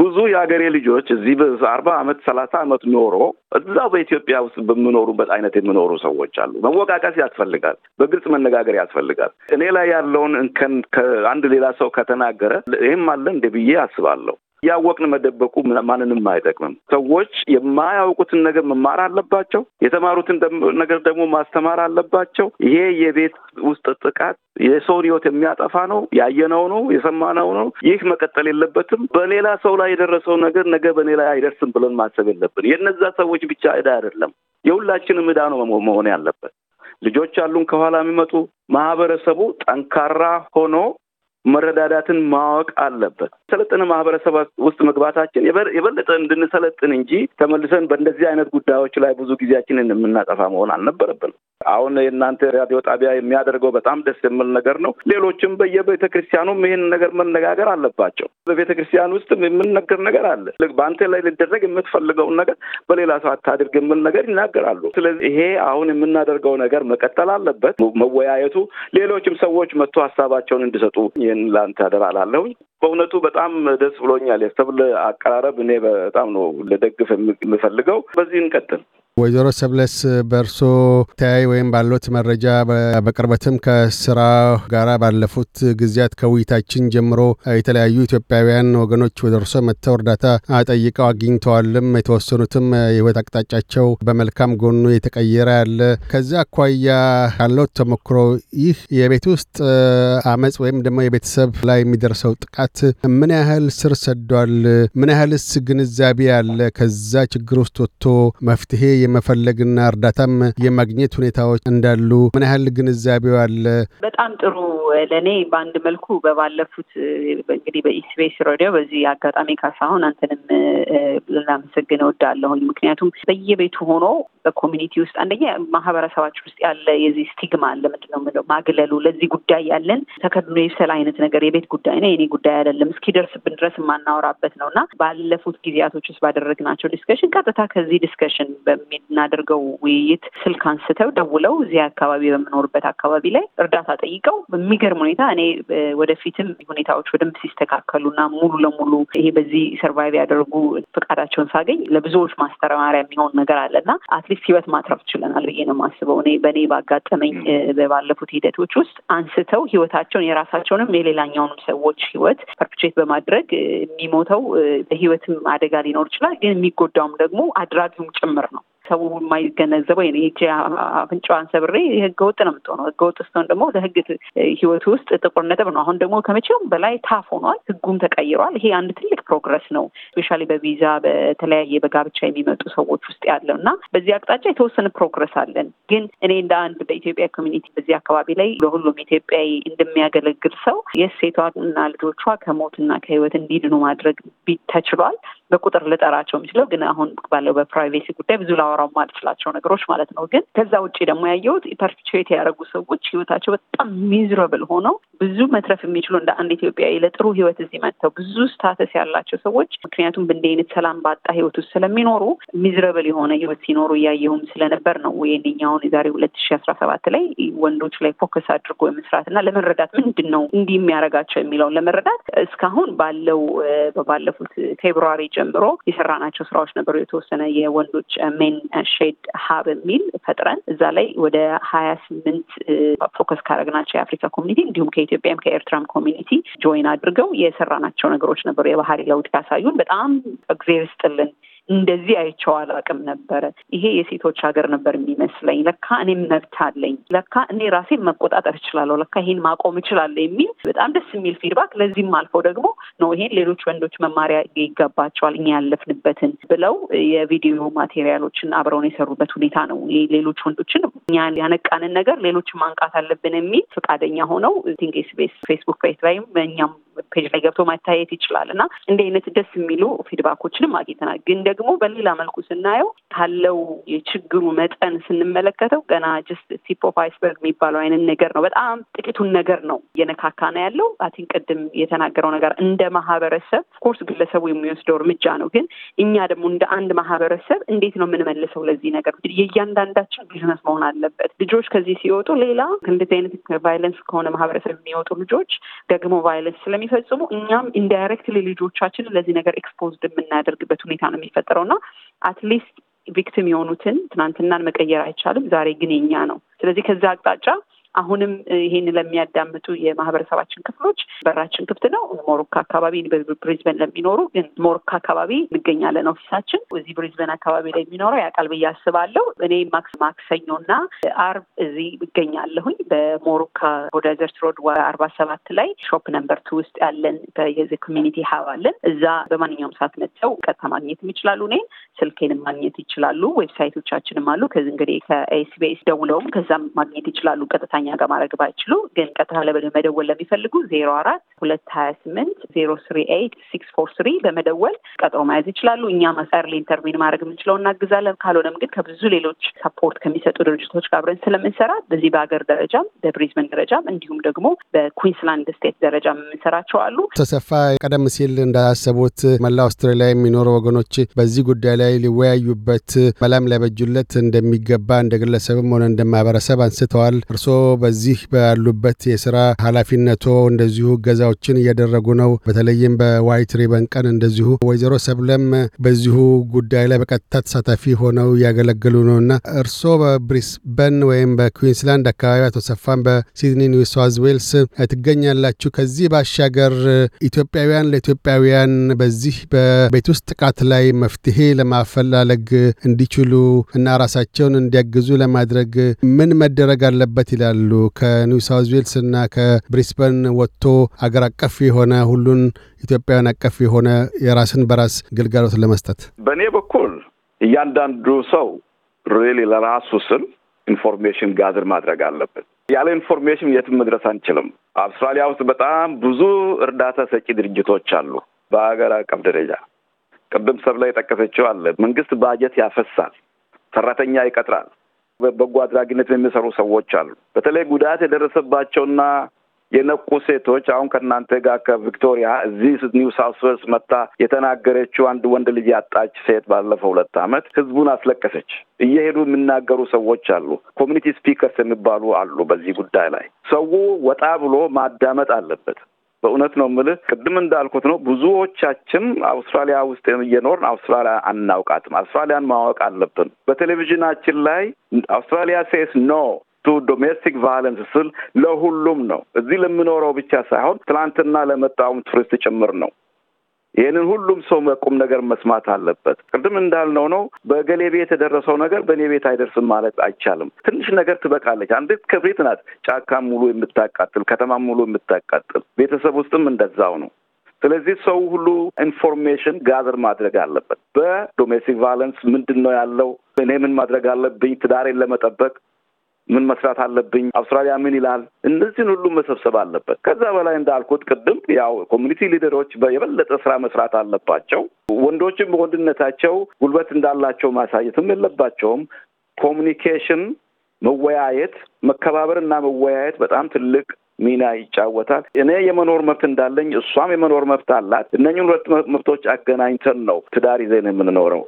ብዙ የሀገሬ ልጆች እዚህ አርባ አመት ሰላሳ አመት ኖሮ እዛው በኢትዮጵያ ውስጥ በምኖሩበት አይነት የሚኖሩ ሰዎች አሉ። መወቃቀስ ያስፈልጋል። በግልጽ መነጋገር ያስፈልጋል። እኔ ላይ ያለውን እንከን ከአንድ ሌላ ሰው ከተናገረ ይህም አለ እንደ ብዬ አስባለሁ። እያወቅን መደበቁ ማንንም አይጠቅምም። ሰዎች የማያውቁትን ነገር መማር አለባቸው። የተማሩትን ነገር ደግሞ ማስተማር አለባቸው። ይሄ የቤት ውስጥ ጥቃት የሰውን ህይወት የሚያጠፋ ነው። ያየነው ነው፣ የሰማነው ነው። ይህ መቀጠል የለበትም። በሌላ ሰው ላይ የደረሰው ነገር ነገ በኔ ላይ አይደርስም ብለን ማሰብ የለብን። የነዛ ሰዎች ብቻ እዳ አይደለም፣ የሁላችንም እዳ ነው መሆን ያለበት። ልጆች አሉን፣ ከኋላ የሚመጡ ማህበረሰቡ ጠንካራ ሆኖ መረዳዳትን ማወቅ አለበት። ሰለጠነ ማህበረሰብ ውስጥ መግባታችን የበለጠ እንድንሰለጥን እንጂ ተመልሰን በእንደዚህ አይነት ጉዳዮች ላይ ብዙ ጊዜያችንን የምናጠፋ መሆን አልነበረብን። አሁን የእናንተ ራዲዮ ጣቢያ የሚያደርገው በጣም ደስ የሚል ነገር ነው። ሌሎችም በየቤተ ክርስቲያኑም ይህን ነገር መነጋገር አለባቸው። በቤተ ክርስቲያን ውስጥ የምንነገር ነገር አለ። በአንተ ላይ ሊደረግ የምትፈልገውን ነገር በሌላ ሰው አታድርግ የሚል ነገር ይናገራሉ። ስለዚህ ይሄ አሁን የምናደርገው ነገር መቀጠል አለበት። መወያየቱ ሌሎችም ሰዎች መጥቶ ሀሳባቸውን እንዲሰጡ ይህን ለአንተ አደራ በእውነቱ በጣም ደስ ብሎኛል። የሰብል አቀራረብ እኔ በጣም ነው ልደግፍ የምፈልገው። በዚህ
እንቀጥል። ወይዘሮ ሰብለስ በእርሶ ተያይ ወይም ባለት መረጃ በቅርበትም ከስራ ጋራ ባለፉት ጊዜያት ከውይይታችን ጀምሮ የተለያዩ ኢትዮጵያውያን ወገኖች ወደ እርሶ መጥተው እርዳታ ጠይቀው አግኝተዋልም። የተወሰኑትም የህይወት አቅጣጫቸው በመልካም ጎኑ የተቀየረ ያለ። ከዚ አኳያ ካለት ተሞክሮ ይህ የቤት ውስጥ አመፅ ወይም ደግሞ የቤተሰብ ላይ የሚደርሰው ጥቃት ምን ያህል ስር ሰዷል? ምን ያህልስ ግንዛቤ አለ? ከዛ ችግር ውስጥ ወጥቶ መፍትሄ የመፈለግና እርዳታም የማግኘት ሁኔታዎች እንዳሉ ምን ያህል ግንዛቤው አለ?
በጣም ጥሩ ለእኔ በአንድ መልኩ በባለፉት እንግዲህ በኢስቤስ ሬዲዮ በዚህ አጋጣሚ ካሳሁን አንተንም ላመሰግን እወዳለሁኝ። ምክንያቱም በየቤቱ ሆኖ በኮሚኒቲ ውስጥ አንደኛ ማህበረሰባችን ውስጥ ያለ የዚህ ስቲግማ አለ። ምንድን ነው የምለው ማግለሉ ለዚህ ጉዳይ ያለን ተከድኖ የብሰል አይነት ነገር የቤት ጉዳይ ነው የኔ ጉዳይ አይደለም እስኪደርስብን ድረስ የማናወራበት ነው እና ባለፉት ጊዜያቶች ውስጥ ባደረግናቸው ዲስከሽን ቀጥታ ከዚህ ዲስከሽን በምናደርገው ውይይት ስልክ አንስተው ደውለው እዚህ አካባቢ በምኖርበት አካባቢ ላይ እርዳታ ጠይቀው በሚገርም ሁኔታ እኔ ወደፊትም ሁኔታዎች በደንብ ሲስተካከሉና ሙሉ ለሙሉ ይሄ በዚህ ሰርቫይቭ ያደርጉ ፈቃዳቸውን ሳገኝ ለብዙዎች ማስተማሪያ የሚሆን ነገር አለና አትሊስት ህይወት ማትረፍ ችለናል ብዬ ነው የማስበው። እኔ በእኔ ባጋጠመኝ ባለፉት ሂደቶች ውስጥ አንስተው ህይወታቸውን የራሳቸውንም የሌላኛውንም ሰዎች ህይወት ፐርፕቼት በማድረግ የሚሞተው በህይወትም አደጋ ሊኖር ይችላል፣ ግን የሚጎዳውም ደግሞ አድራጊውም ጭምር ነው። ሰው የማይገነዘበው ይ አፍንጫዋን ሰብሬ ህገ ወጥ ነው የምትሆነው። ህገ ወጥ ስትሆን ደግሞ ለህግ ህይወት ውስጥ ጥቁር ነጥብ ነው። አሁን ደግሞ ከመቼውም በላይ ታፍ ሆኗል። ህጉም ተቀይሯል። ይሄ አንድ ትልቅ ፕሮግረስ ነው። ስፔሻሊ በቪዛ በተለያየ በጋብቻ የሚመጡ ሰዎች ውስጥ ያለው እና በዚህ አቅጣጫ የተወሰነ ፕሮግረስ አለን። ግን እኔ እንደ አንድ በኢትዮጵያ ኮሚኒቲ በዚህ አካባቢ ላይ ለሁሉም ኢትዮጵያዊ እንደሚያገለግል ሰው የሴቷና ልጆቿ ከሞትና ከህይወት እንዲድኑ ማድረግ ተችሏል። በቁጥር ልጠራቸው የሚችለው ግን አሁን ባለው በፕራይቬሲ ጉዳይ ብዙ ላወራው ማልችላቸው ነገሮች ማለት ነው። ግን ከዛ ውጭ ደግሞ ያየሁት ፐርፔቹዌት ያደረጉ ሰዎች ህይወታቸው በጣም ሚዝረብል ሆነው ብዙ መትረፍ የሚችሉ እንደ አንድ ኢትዮጵያዊ ለጥሩ ህይወት እዚህ መጥተው ብዙ ስታተስ ያላቸው ሰዎች ምክንያቱም እንዲህ አይነት ሰላም ባጣ ህይወት ውስጥ ስለሚኖሩ ሚዝረብል የሆነ ህይወት ሲኖሩ እያየሁም ስለነበር ነው የእኛውን የዛሬ ሁለት ሺ አስራ ሰባት ላይ ወንዶች ላይ ፎከስ አድርጎ የመስራት እና ለመረዳት ምንድን ነው እንዲህ የሚያደርጋቸው የሚለውን ለመረዳት እስካሁን ባለው በባለፉት ፌብሩዋሪ ጀምሮ የሰራናቸው ስራዎች ነበሩ። የተወሰነ የወንዶች ሜን ሼድ ሀብ የሚል ፈጥረን እዛ ላይ ወደ ሀያ ስምንት ፎከስ ካደረግናቸው የአፍሪካ ኮሚኒቲ እንዲሁም ከኢትዮጵያም ከኤርትራም ኮሚኒቲ ጆይን አድርገው የሰራናቸው ነገሮች ነበሩ። የባህሪ ለውጥ ያሳዩን በጣም እግዜር ይስጥልን እንደዚህ አይቼው አላውቅም ነበረ። ይሄ የሴቶች ሀገር ነበር የሚመስለኝ። ለካ እኔም መብት አለኝ፣ ለካ እኔ ራሴን መቆጣጠር እችላለሁ፣ ለካ ይሄን ማቆም እችላለሁ የሚል በጣም ደስ የሚል ፊድባክ። ለዚህም አልፎ ደግሞ ነው ይሄን ሌሎች ወንዶች መማሪያ ይገባቸዋል፣ እኛ ያለፍንበትን ብለው የቪዲዮ ማቴሪያሎችን አብረውን የሰሩበት ሁኔታ ነው። ሌሎች ወንዶችን እኛ ያነቃንን ነገር ሌሎች ማንቃት አለብን የሚል ፈቃደኛ ሆነው ቲንክ ኤስቢኤስ ፌስቡክ ፔጅ ላይም በእኛም ፔጅ ላይ ገብቶ ማታየት ይችላል እና እንዲህ አይነት ደስ የሚሉ ፊድባኮችንም አግኝተናል ግን ደግሞ በሌላ መልኩ ስናየው ካለው የችግሩ መጠን ስንመለከተው ገና ጀስት ቲፕ ኦፍ አይስበርግ የሚባለው አይነት ነገር ነው። በጣም ጥቂቱን ነገር ነው እየነካካ ነው ያለው። አቲን ቅድም የተናገረው ነገር እንደ ማህበረሰብ ኮርስ ግለሰቡ የሚወስደው እርምጃ ነው። ግን እኛ ደግሞ እንደ አንድ ማህበረሰብ እንዴት ነው የምንመልሰው? ለዚህ ነገር የእያንዳንዳችን ቢዝነስ መሆን አለበት። ልጆች ከዚህ ሲወጡ ሌላ እንደዚህ አይነት ቫይለንስ ከሆነ ማህበረሰብ የሚወጡ ልጆች ደግሞ ቫይለንስ ስለሚፈጽሙ እኛም ኢንዳይሬክትሊ ልጆቻችን ለዚህ ነገር ኤክስፖዝድ የምናደርግበት ሁኔታ ነው የሚፈ የሚፈጠረው እና አትሊስት ቪክቲም የሆኑትን ትናንትናን መቀየር አይቻልም። ዛሬ ግን የኛ ነው። ስለዚህ ከዛ አቅጣጫ አሁንም ይሄን ለሚያዳምጡ የማህበረሰባችን ክፍሎች በራችን ክፍት ነው። ሞሮካ አካባቢ ብሪዝበን ለሚኖሩ ግን ሞሮካ አካባቢ እንገኛለን። ኦፊሳችን እዚህ ብሪዝበን አካባቢ ላይ የሚኖረው ያውቃል ብዬ አስባለሁ። እኔ ማክስ ማክሰኞና አርብ እዚህ እገኛለሁኝ በሞሮካ ቦደዘርት ሮድ አርባ ሰባት ላይ ሾፕ ነምበር ቱ ውስጥ ያለን የዚህ ኮሚኒቲ ሀብ አለን። እዛ በማንኛውም ሰዓት መጥተው ቀጥታ ማግኘትም ይችላሉ። እኔን ስልኬንም ማግኘት ይችላሉ። ዌብሳይቶቻችንም አሉ። ከዚህ እንግዲህ ከኤስቢኤስ ደውለውም ከዛም ማግኘት ይችላሉ ቀጥታ ከኛ ጋር ማድረግ ባይችሉ ግን ቀጥታ መደወል ለሚፈልጉ ዜሮ አራት ሁለት ሀያ ስምንት ዜሮ ስሪ ኤይት ሲክስ ፎር ስሪ በመደወል ቀጥሮ መያዝ ይችላሉ። እኛ መሰር ኢንተርቪን ማድረግ የምንችለው እናግዛለን። ካልሆነም ግን ከብዙ ሌሎች ሰፖርት ከሚሰጡ ድርጅቶች ጋር አብረን ስለምንሰራ በዚህ በሀገር ደረጃም በብሪዝበን ደረጃም እንዲሁም ደግሞ በኩዊንስላንድ ስቴት ደረጃ የምንሰራቸው አሉ።
ተሰፋ ቀደም ሲል እንዳሰቡት መላ አውስትራሊያ የሚኖሩ ወገኖች በዚህ ጉዳይ ላይ ሊወያዩበት መላም ላይበጁለት እንደሚገባ እንደ ግለሰብም ሆነ እንደ ማህበረሰብ አንስተዋል። እርስዎ በዚህ ባሉበት የስራ ኃላፊነቶ እንደዚሁ እገዛዎችን እያደረጉ ነው። በተለይም በዋይት ሪበን ቀን እንደዚሁ ወይዘሮ ሰብለም በዚሁ ጉዳይ ላይ በቀጥታ ተሳታፊ ሆነው እያገለገሉ ነው እና እርስዎ በብሪስበን ወይም በኩዊንስላንድ አካባቢ አቶ ሰፋን በሲድኒ ኒው ሳውዝ ዌልስ ትገኛላችሁ። ከዚህ ባሻገር ኢትዮጵያውያን ለኢትዮጵያውያን በዚህ በቤት ውስጥ ጥቃት ላይ መፍትሄ ለማፈላለግ እንዲችሉ እና ራሳቸውን እንዲያግዙ ለማድረግ ምን መደረግ አለበት ይላሉ? ያሉ ከኒው ሳውዝ ዌልስና ከብሪስበን ወጥቶ አገር አቀፍ የሆነ ሁሉን ኢትዮጵያውያን አቀፍ የሆነ የራስን በራስ ግልጋሎት ለመስጠት በእኔ በኩል
እያንዳንዱ ሰው ሪሊ ለራሱ ስል ኢንፎርሜሽን ጋዝር ማድረግ አለበት። ያለ ኢንፎርሜሽን የትም መድረስ አንችልም። አውስትራሊያ ውስጥ በጣም ብዙ እርዳታ ሰጪ ድርጅቶች አሉ በሀገር አቀፍ ደረጃ። ቅድም ሰብ ላይ የጠቀሰችው አለ። መንግስት ባጀት ያፈሳል፣ ሰራተኛ ይቀጥራል። በበጎ አድራጊነት የሚሰሩ ሰዎች አሉ። በተለይ ጉዳት የደረሰባቸውና የነቁ ሴቶች አሁን ከእናንተ ጋር ከቪክቶሪያ እዚህ ኒው ሳውስ ዌልስ መታ የተናገረችው አንድ ወንድ ልጅ ያጣች ሴት ባለፈው ሁለት ዓመት ህዝቡን አስለቀሰች። እየሄዱ የሚናገሩ ሰዎች አሉ። ኮሚኒቲ ስፒከርስ የሚባሉ አሉ። በዚህ ጉዳይ ላይ ሰው ወጣ ብሎ ማዳመጥ አለበት። በእውነት ነው የምልህ ቅድም እንዳልኩት ነው። ብዙዎቻችን አውስትራሊያ ውስጥ እየኖርን አውስትራሊያ አናውቃትም። አውስትራሊያን ማወቅ አለብን። በቴሌቪዥናችን ላይ አውስትራሊያ ሴስ ኖ ቱ ዶሜስቲክ ቫለንስ ስል ለሁሉም ነው። እዚህ ለምኖረው ብቻ ሳይሆን ትናንትና ለመጣውም ቱሪስት ጭምር ነው። ይህንን ሁሉም ሰው መቁም ነገር መስማት አለበት። ቅድም እንዳልነው ነው በገሌ ቤት የደረሰው ነገር በእኔ ቤት አይደርስም ማለት አይቻልም። ትንሽ ነገር ትበቃለች። አንዲት ክብሪት ናት ጫካም ሙሉ የምታቃጥል፣ ከተማም ሙሉ የምታቃጥል። ቤተሰብ ውስጥም እንደዛው ነው። ስለዚህ ሰው ሁሉ ኢንፎርሜሽን ጋዘር ማድረግ አለበት። በዶሜስቲክ ቫለንስ ምንድን ነው ያለው? እኔ ምን ማድረግ አለብኝ? ትዳሬን ለመጠበቅ ምን መስራት አለብኝ፣ አውስትራሊያ ምን ይላል፣ እነዚህን ሁሉ መሰብሰብ አለበት። ከዛ በላይ እንዳልኩት ቅድም ያው ኮሚኒቲ ሊደሮች የበለጠ ስራ መስራት አለባቸው። ወንዶችም በወንድነታቸው ጉልበት እንዳላቸው ማሳየትም የለባቸውም። ኮሚኒኬሽን፣ መወያየት፣ መከባበርና መወያየት በጣም ትልቅ ሚና ይጫወታል። እኔ የመኖር መብት እንዳለኝ እሷም የመኖር መብት አላት። እነኝን ሁለት መብቶች አገናኝተን ነው ትዳር ይዘን የምንኖረው።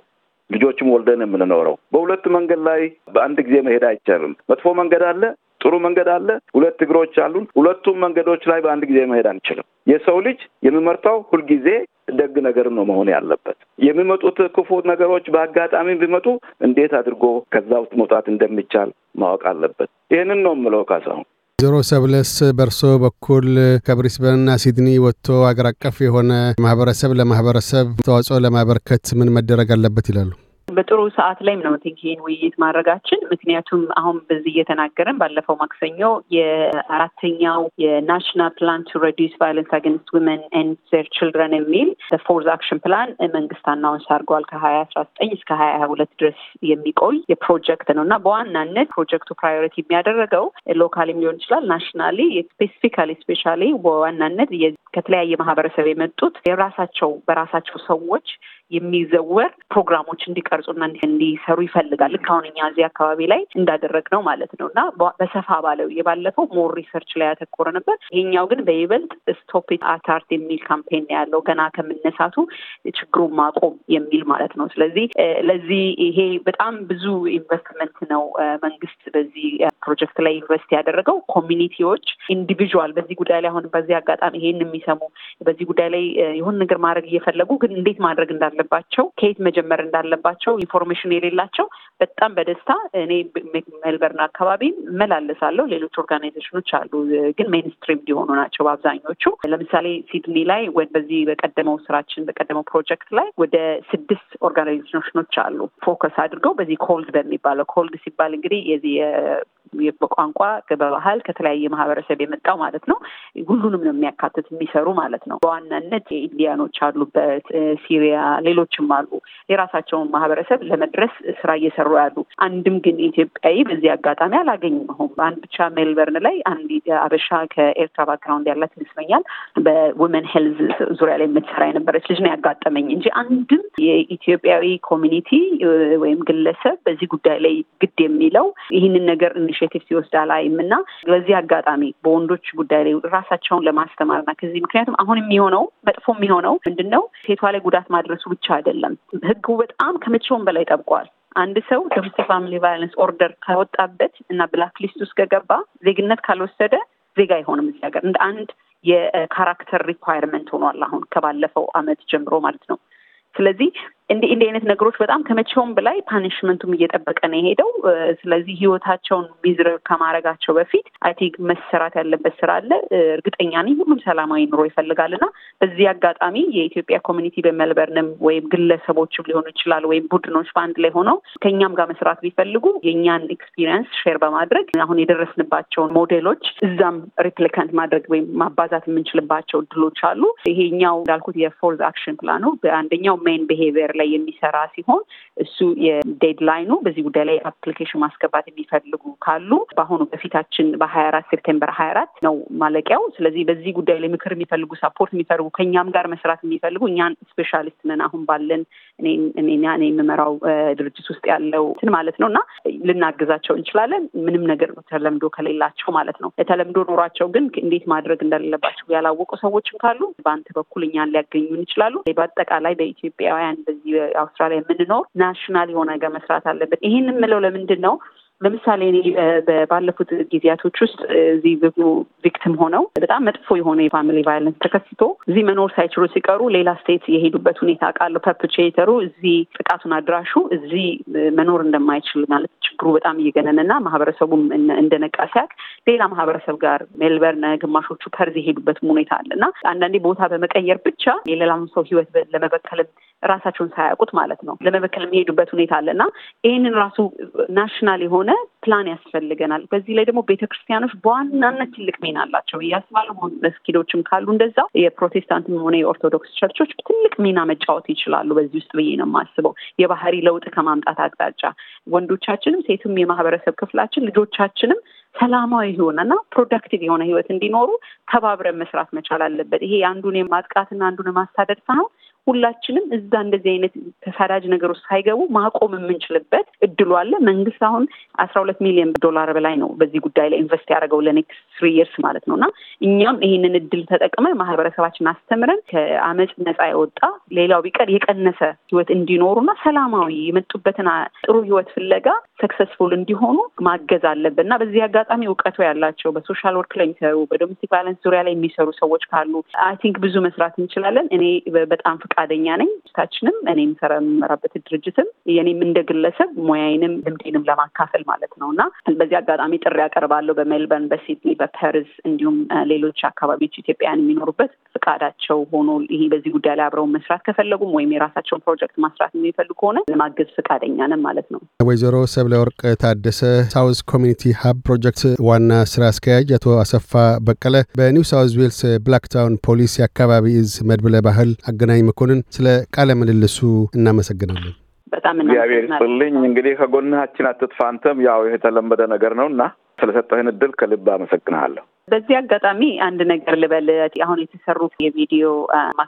ልጆችም ወልደን የምንኖረው በሁለት መንገድ ላይ በአንድ ጊዜ መሄድ አይቻልም። መጥፎ መንገድ አለ፣ ጥሩ መንገድ አለ። ሁለት እግሮች አሉን። ሁለቱም መንገዶች ላይ በአንድ ጊዜ መሄድ አንችልም። የሰው ልጅ የሚመርጠው ሁልጊዜ ደግ ነገር ነው መሆን ያለበት። የሚመጡት ክፉ ነገሮች በአጋጣሚ ቢመጡ እንዴት አድርጎ ከዛ ውስጥ መውጣት እንደሚቻል ማወቅ አለበት። ይህንን ነው የምለው
ካሳሁን። ወይዘሮ ሰብለስ በእርሶ በኩል ከብሪስበንና ሲድኒ ወጥቶ አገር አቀፍ የሆነ ማህበረሰብ ለማህበረሰብ ተዋጽኦ ለማበርከት ምን መደረግ አለበት ይላሉ? በጥሩ
ሰዓት ላይ ነው ቲንክ ይህን ውይይት ማድረጋችን። ምክንያቱም አሁን በዚህ እየተናገረን ባለፈው ማክሰኞ የአራተኛው የናሽናል ፕላን ቱ ሬዲስ ቫይለንስ አገንስት ውመን ኤንድ ዘር ችልድረን የሚል ፎርዝ አክሽን ፕላን መንግስት አናውንስ አድርጓል። ከሀያ አስራ ዘጠኝ እስከ ሀያ ሀያ ሁለት ድረስ የሚቆይ የፕሮጀክት ነው እና በዋናነት ፕሮጀክቱ ፕራዮሪቲ የሚያደረገው ሎካሊም ሊሆን ይችላል ናሽናሊ ስፔሲፊካሊ ስፔሻሊ በዋናነት ከተለያየ ማህበረሰብ የመጡት የራሳቸው በራሳቸው ሰዎች የሚዘወር ፕሮግራሞች እንዲቀርጹና እንዲሰሩ ይፈልጋል። ልክ አሁን እኛ እዚህ አካባቢ ላይ እንዳደረግ ነው ማለት ነው እና በሰፋ ባለው የባለፈው ሞር ሪሰርች ላይ ያተኮረ ነበር። ይሄኛው ግን በይበልጥ ስቶፕ አታርት የሚል ካምፔን ያለው ገና ከመነሳቱ ችግሩን ማቆም የሚል ማለት ነው። ስለዚህ ለዚህ ይሄ በጣም ብዙ ኢንቨስትመንት ነው መንግስት በዚህ ፕሮጀክት ላይ ኢንቨስት ያደረገው። ኮሚኒቲዎች ኢንዲቪዥዋል በዚህ ጉዳይ ላይ አሁን በዚህ አጋጣሚ ይሄን የሚሰሙ በዚህ ጉዳይ ላይ የሆን ነገር ማድረግ እየፈለጉ ግን እንዴት ማድረግ እንዳለ እንዳለባቸው ከየት መጀመር እንዳለባቸው ኢንፎርሜሽን የሌላቸው በጣም በደስታ እኔ ሜልበርን አካባቢ መላለሳለሁ። ሌሎች ኦርጋናይዜሽኖች አሉ፣ ግን ሜንስትሪም እንዲሆኑ ናቸው በአብዛኞቹ። ለምሳሌ ሲድኒ ላይ በዚህ በቀደመው ስራችን በቀደመው ፕሮጀክት ላይ ወደ ስድስት ኦርጋናይዜሽኖች አሉ ፎከስ አድርገው በዚህ ኮልድ በሚባለው ኮልድ ሲባል እንግዲህ የዚህ በቋንቋ በባህል ከተለያየ ማህበረሰብ የመጣው ማለት ነው። ሁሉንም ነው የሚያካትት የሚሰሩ ማለት ነው። በዋናነት የኢንዲያኖች አሉበት፣ ሲሪያ፣ ሌሎችም አሉ። የራሳቸውን ማህበረሰብ ለመድረስ ስራ እየሰሩ ያሉ አንድም ግን ኢትዮጵያዊ በዚህ አጋጣሚ አላገኘሁም። አንድ ብቻ ሜልበርን ላይ አንድ አበሻ ከኤርትራ ባክግራውንድ ያላት ይመስለኛል በውመን ሄልዝ ዙሪያ ላይ የምትሰራ የነበረች ልጅ ነው ያጋጠመኝ እንጂ አንድም የኢትዮጵያዊ ኮሚኒቲ ወይም ግለሰብ በዚህ ጉዳይ ላይ ግድ የሚለው ይህንን ነገር ኢኒሽቲቭ ሲወስድ አላይም እና በዚህ አጋጣሚ በወንዶች ጉዳይ ላይ ራሳቸውን ለማስተማርና ከዚህ ምክንያቱም አሁን የሚሆነው መጥፎ የሚሆነው ምንድን ነው ሴቷ ላይ ጉዳት ማድረሱ ብቻ አይደለም። ህጉ በጣም ከመቼውም በላይ ጠብቋል። አንድ ሰው ዶሜስቲክ ፋሚሊ ቫዮለንስ ኦርደር ከወጣበት እና ብላክ ሊስት ውስጥ ከገባ ዜግነት ካልወሰደ ዜጋ አይሆንም። እዚህ ሀገር እንደ አንድ የካራክተር ሪኳየርመንት ሆኗል አሁን ከባለፈው አመት ጀምሮ ማለት ነው። ስለዚህ እንዲህ እንዲህ አይነት ነገሮች በጣም ከመቼውም በላይ ፓኒሽመንቱም እየጠበቀ ነው የሄደው። ስለዚህ ህይወታቸውን ሚዝረር ከማድረጋቸው በፊት አይ ቲንክ መሰራት ያለበት ስራ አለ። እርግጠኛ ነኝ ሁሉም ሰላማዊ ኑሮ ይፈልጋል እና በዚህ አጋጣሚ የኢትዮጵያ ኮሚኒቲ በመልበርንም ወይም ግለሰቦችም ሊሆኑ ይችላል ወይም ቡድኖች በአንድ ላይ ሆነው ከእኛም ጋር መስራት ቢፈልጉ የእኛን ኤክስፒሪየንስ ሼር በማድረግ አሁን የደረስንባቸውን ሞዴሎች እዛም ሪፕሊካንት ማድረግ ወይም ማባዛት የምንችልባቸው እድሎች አሉ። ይሄኛው እንዳልኩት የፎርዝ አክሽን ፕላኑ በአንደኛው ሜን ቢሄቪየር ላይ የሚሰራ ሲሆን እሱ የዴድላይኑ በዚህ ጉዳይ ላይ አፕሊኬሽን ማስገባት የሚፈልጉ ካሉ በአሁኑ በፊታችን በሀያ አራት ሴፕቴምበር ሀያ አራት ነው ማለቂያው። ስለዚህ በዚህ ጉዳይ ላይ ምክር የሚፈልጉ ሰፖርት የሚፈልጉ ከእኛም ጋር መስራት የሚፈልጉ እኛን ስፔሻሊስት ነን አሁን ባለን እኔና እኔ የምመራው ድርጅት ውስጥ ያለው እንትን ማለት ነው እና ልናግዛቸው እንችላለን። ምንም ነገር ተለምዶ ከሌላቸው ማለት ነው። ተለምዶ ኖሯቸው ግን እንዴት ማድረግ እንደሌለባቸው ያላወቁ ሰዎችም ካሉ በአንተ በኩል እኛን ሊያገኙን ይችላሉ። በአጠቃላይ በኢትዮጵያውያን በዚህ አውስትራሊያ የምንኖር ናሽናል የሆነ ነገር መስራት አለበት። ይህን የምለው ለምንድን ነው? ለምሳሌ እኔ ባለፉት ጊዜያቶች ውስጥ እዚህ ብዙ ቪክቲም ሆነው በጣም መጥፎ የሆነ የፋሚሊ ቫይለንስ ተከስቶ እዚህ መኖር ሳይችሉ ሲቀሩ ሌላ ስቴት የሄዱበት ሁኔታ አውቃለሁ። ፐርፕቼተሩ እዚህ ጥቃቱን አድራሹ እዚህ መኖር እንደማይችል ማለት ችግሩ በጣም እየገነን እና ማህበረሰቡም እንደነቃ ሲያቅ ሌላ ማህበረሰብ ጋር ሜልበርን ግማሾቹ ፐርዝ የሄዱበትም ሁኔታ አለ እና አንዳንዴ ቦታ በመቀየር ብቻ የሌላውን ሰው ህይወት ለመበከልም ራሳቸውን ሳያውቁት ማለት ነው ለመበከል የሚሄዱበት ሁኔታ አለ እና ይህንን ራሱ ናሽናል የሆነ ፕላን ያስፈልገናል። በዚህ ላይ ደግሞ ቤተክርስቲያኖች በዋናነት ትልቅ ሚና አላቸው እያስባለ መስጊዶችም ካሉ እንደዛ የፕሮቴስታንትም ሆነ የኦርቶዶክስ ቸርቾች ትልቅ ሚና መጫወት ይችላሉ በዚህ ውስጥ ብዬ ነው የማስበው። የባህሪ ለውጥ ከማምጣት አቅጣጫ ወንዶቻችንም ሴትም የማህበረሰብ ክፍላችን ልጆቻችንም ሰላማዊ የሆነና ፕሮዳክቲቭ የሆነ ህይወት እንዲኖሩ ተባብረን መስራት መቻል አለበት። ይሄ አንዱን የማጥቃትና አንዱን የማስታደድ ሳይሆን ሁላችንም እዛ እንደዚህ አይነት ተሳዳጅ ነገሮች ሳይገቡ ማቆም የምንችልበት እድሉ አለ። መንግስት አሁን አስራ ሁለት ሚሊዮን ዶላር በላይ ነው በዚህ ጉዳይ ላይ ኢንቨስት ያደረገው ለኔክስት ስሪ ይርስ ማለት ነው እና እኛም ይህንን እድል ተጠቅመን ማህበረሰባችን አስተምረን ከአመፅ ነፃ የወጣ ሌላው ቢቀር የቀነሰ ህይወት እንዲኖሩና ሰላማዊ የመጡበትን ጥሩ ህይወት ፍለጋ ሰክሰስፉል እንዲሆኑ ማገዝ አለብን እና በዚህ አጋጣሚ እውቀቱ ያላቸው በሶሻል ወርክ ላይ የሚሰሩ በዶሜስቲክ ቫይለንስ ዙሪያ ላይ የሚሰሩ ሰዎች ካሉ አይ ቲንክ ብዙ መስራት እንችላለን። እኔ በጣም ፈቃደኛ ነኝ። ድርጅታችንም እኔ የምሰራ የምመራበት ድርጅትም የኔም እንደ ግለሰብ ሙያዬንም ልምዴንም ለማካፈል ማለት ነው እና በዚህ አጋጣሚ ጥሪ ያቀርባለሁ። በሜልበርን፣ በሲድኒ፣ በፐርዝ እንዲሁም ሌሎች አካባቢዎች ኢትዮጵያውያን የሚኖሩበት ፈቃዳቸው ሆኖ ይሄ በዚህ ጉዳይ ላይ አብረው መስራት ከፈለጉም ወይም የራሳቸውን ፕሮጀክት ማስራት የሚፈልጉ ከሆነ ለማገዝ ፈቃደኛ ነን ማለት ነው።
ወይዘሮ ሰብለ ወርቅ ታደሰ ሳውዝ ኮሚኒቲ ሀብ ፕሮጀክት ዋና ስራ አስኪያጅ፣ አቶ አሰፋ በቀለ በኒው ሳውዝ ዌልስ ብላክታውን ፖሊስ የአካባቢ እዝ መድብለ ባህል አገናኝ መኮ መኮንን ስለ ቃለ ምልልሱ እናመሰግናለን።
በጣም እግዚአብሔር ይስጥልኝ። እንግዲህ ከጎናችን አትጥፋ አንተም ያው የተለመደ ነገር ነው እና ስለሰጠህን እድል ከልብ አመሰግናለሁ።
በዚህ አጋጣሚ አንድ ነገር ልበል። አሁን የተሰሩት የቪዲዮ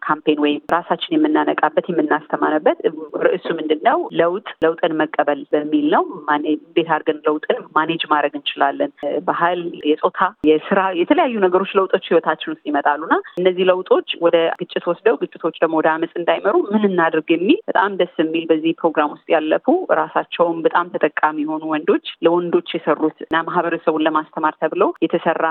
ካምፔን ወይም ራሳችን የምናነቃበት የምናስተማርበት ርዕሱ ምንድን ነው? ለውጥ ለውጥን መቀበል በሚል ነው። እንዴት አድርገን ለውጥን ማኔጅ ማድረግ እንችላለን? ባህል፣ የፆታ፣ የስራ፣ የተለያዩ ነገሮች ለውጦች ህይወታችን ውስጥ ይመጣሉ እነዚህ ለውጦች ወደ ግጭት ወስደው ግጭቶች ደግሞ ወደ አመፅ እንዳይመሩ ምን እናድርግ የሚል በጣም ደስ የሚል በዚህ ፕሮግራም ውስጥ ያለፉ ራሳቸውን በጣም ተጠቃሚ የሆኑ ወንዶች ለወንዶች የሰሩት እና ማህበረሰቡን ለማስተማር ተብሎ የተሰራ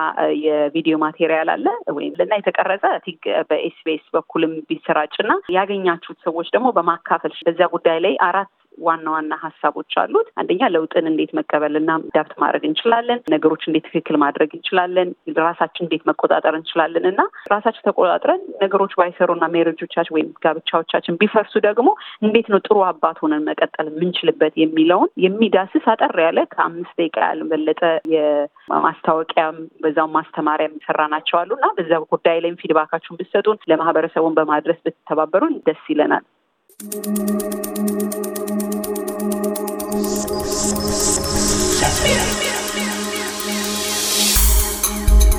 የቪዲዮ ማቴሪያል አለ ወይም ልና የተቀረጸ ቲግ በኤስቢኤስ በኩልም ቢሰራጭና ያገኛችሁት ሰዎች ደግሞ በማካፈል በዚያ ጉዳይ ላይ አራት ዋና ዋና ሀሳቦች አሉት። አንደኛ ለውጥን እንዴት መቀበልና ዳብት ማድረግ እንችላለን፣ ነገሮች እንዴት ትክክል ማድረግ እንችላለን፣ ራሳችን እንዴት መቆጣጠር እንችላለን እና ራሳችን ተቆጣጥረን ነገሮች ባይሰሩና ሜሬጆቻችን ወይም ጋብቻዎቻችን ቢፈርሱ ደግሞ እንዴት ነው ጥሩ አባት ሆነን መቀጠል የምንችልበት የሚለውን የሚዳስስ አጠር ያለ ከአምስት ደቂቃ ያልበለጠ የማስታወቂያም በዛው ማስተማሪያ የሚሰራ ናቸው አሉ እና በዛ ጉዳይ ላይም ፊድባካችሁን ብትሰጡን ለማህበረሰቡን በማድረስ ብትተባበሩን ደስ ይለናል።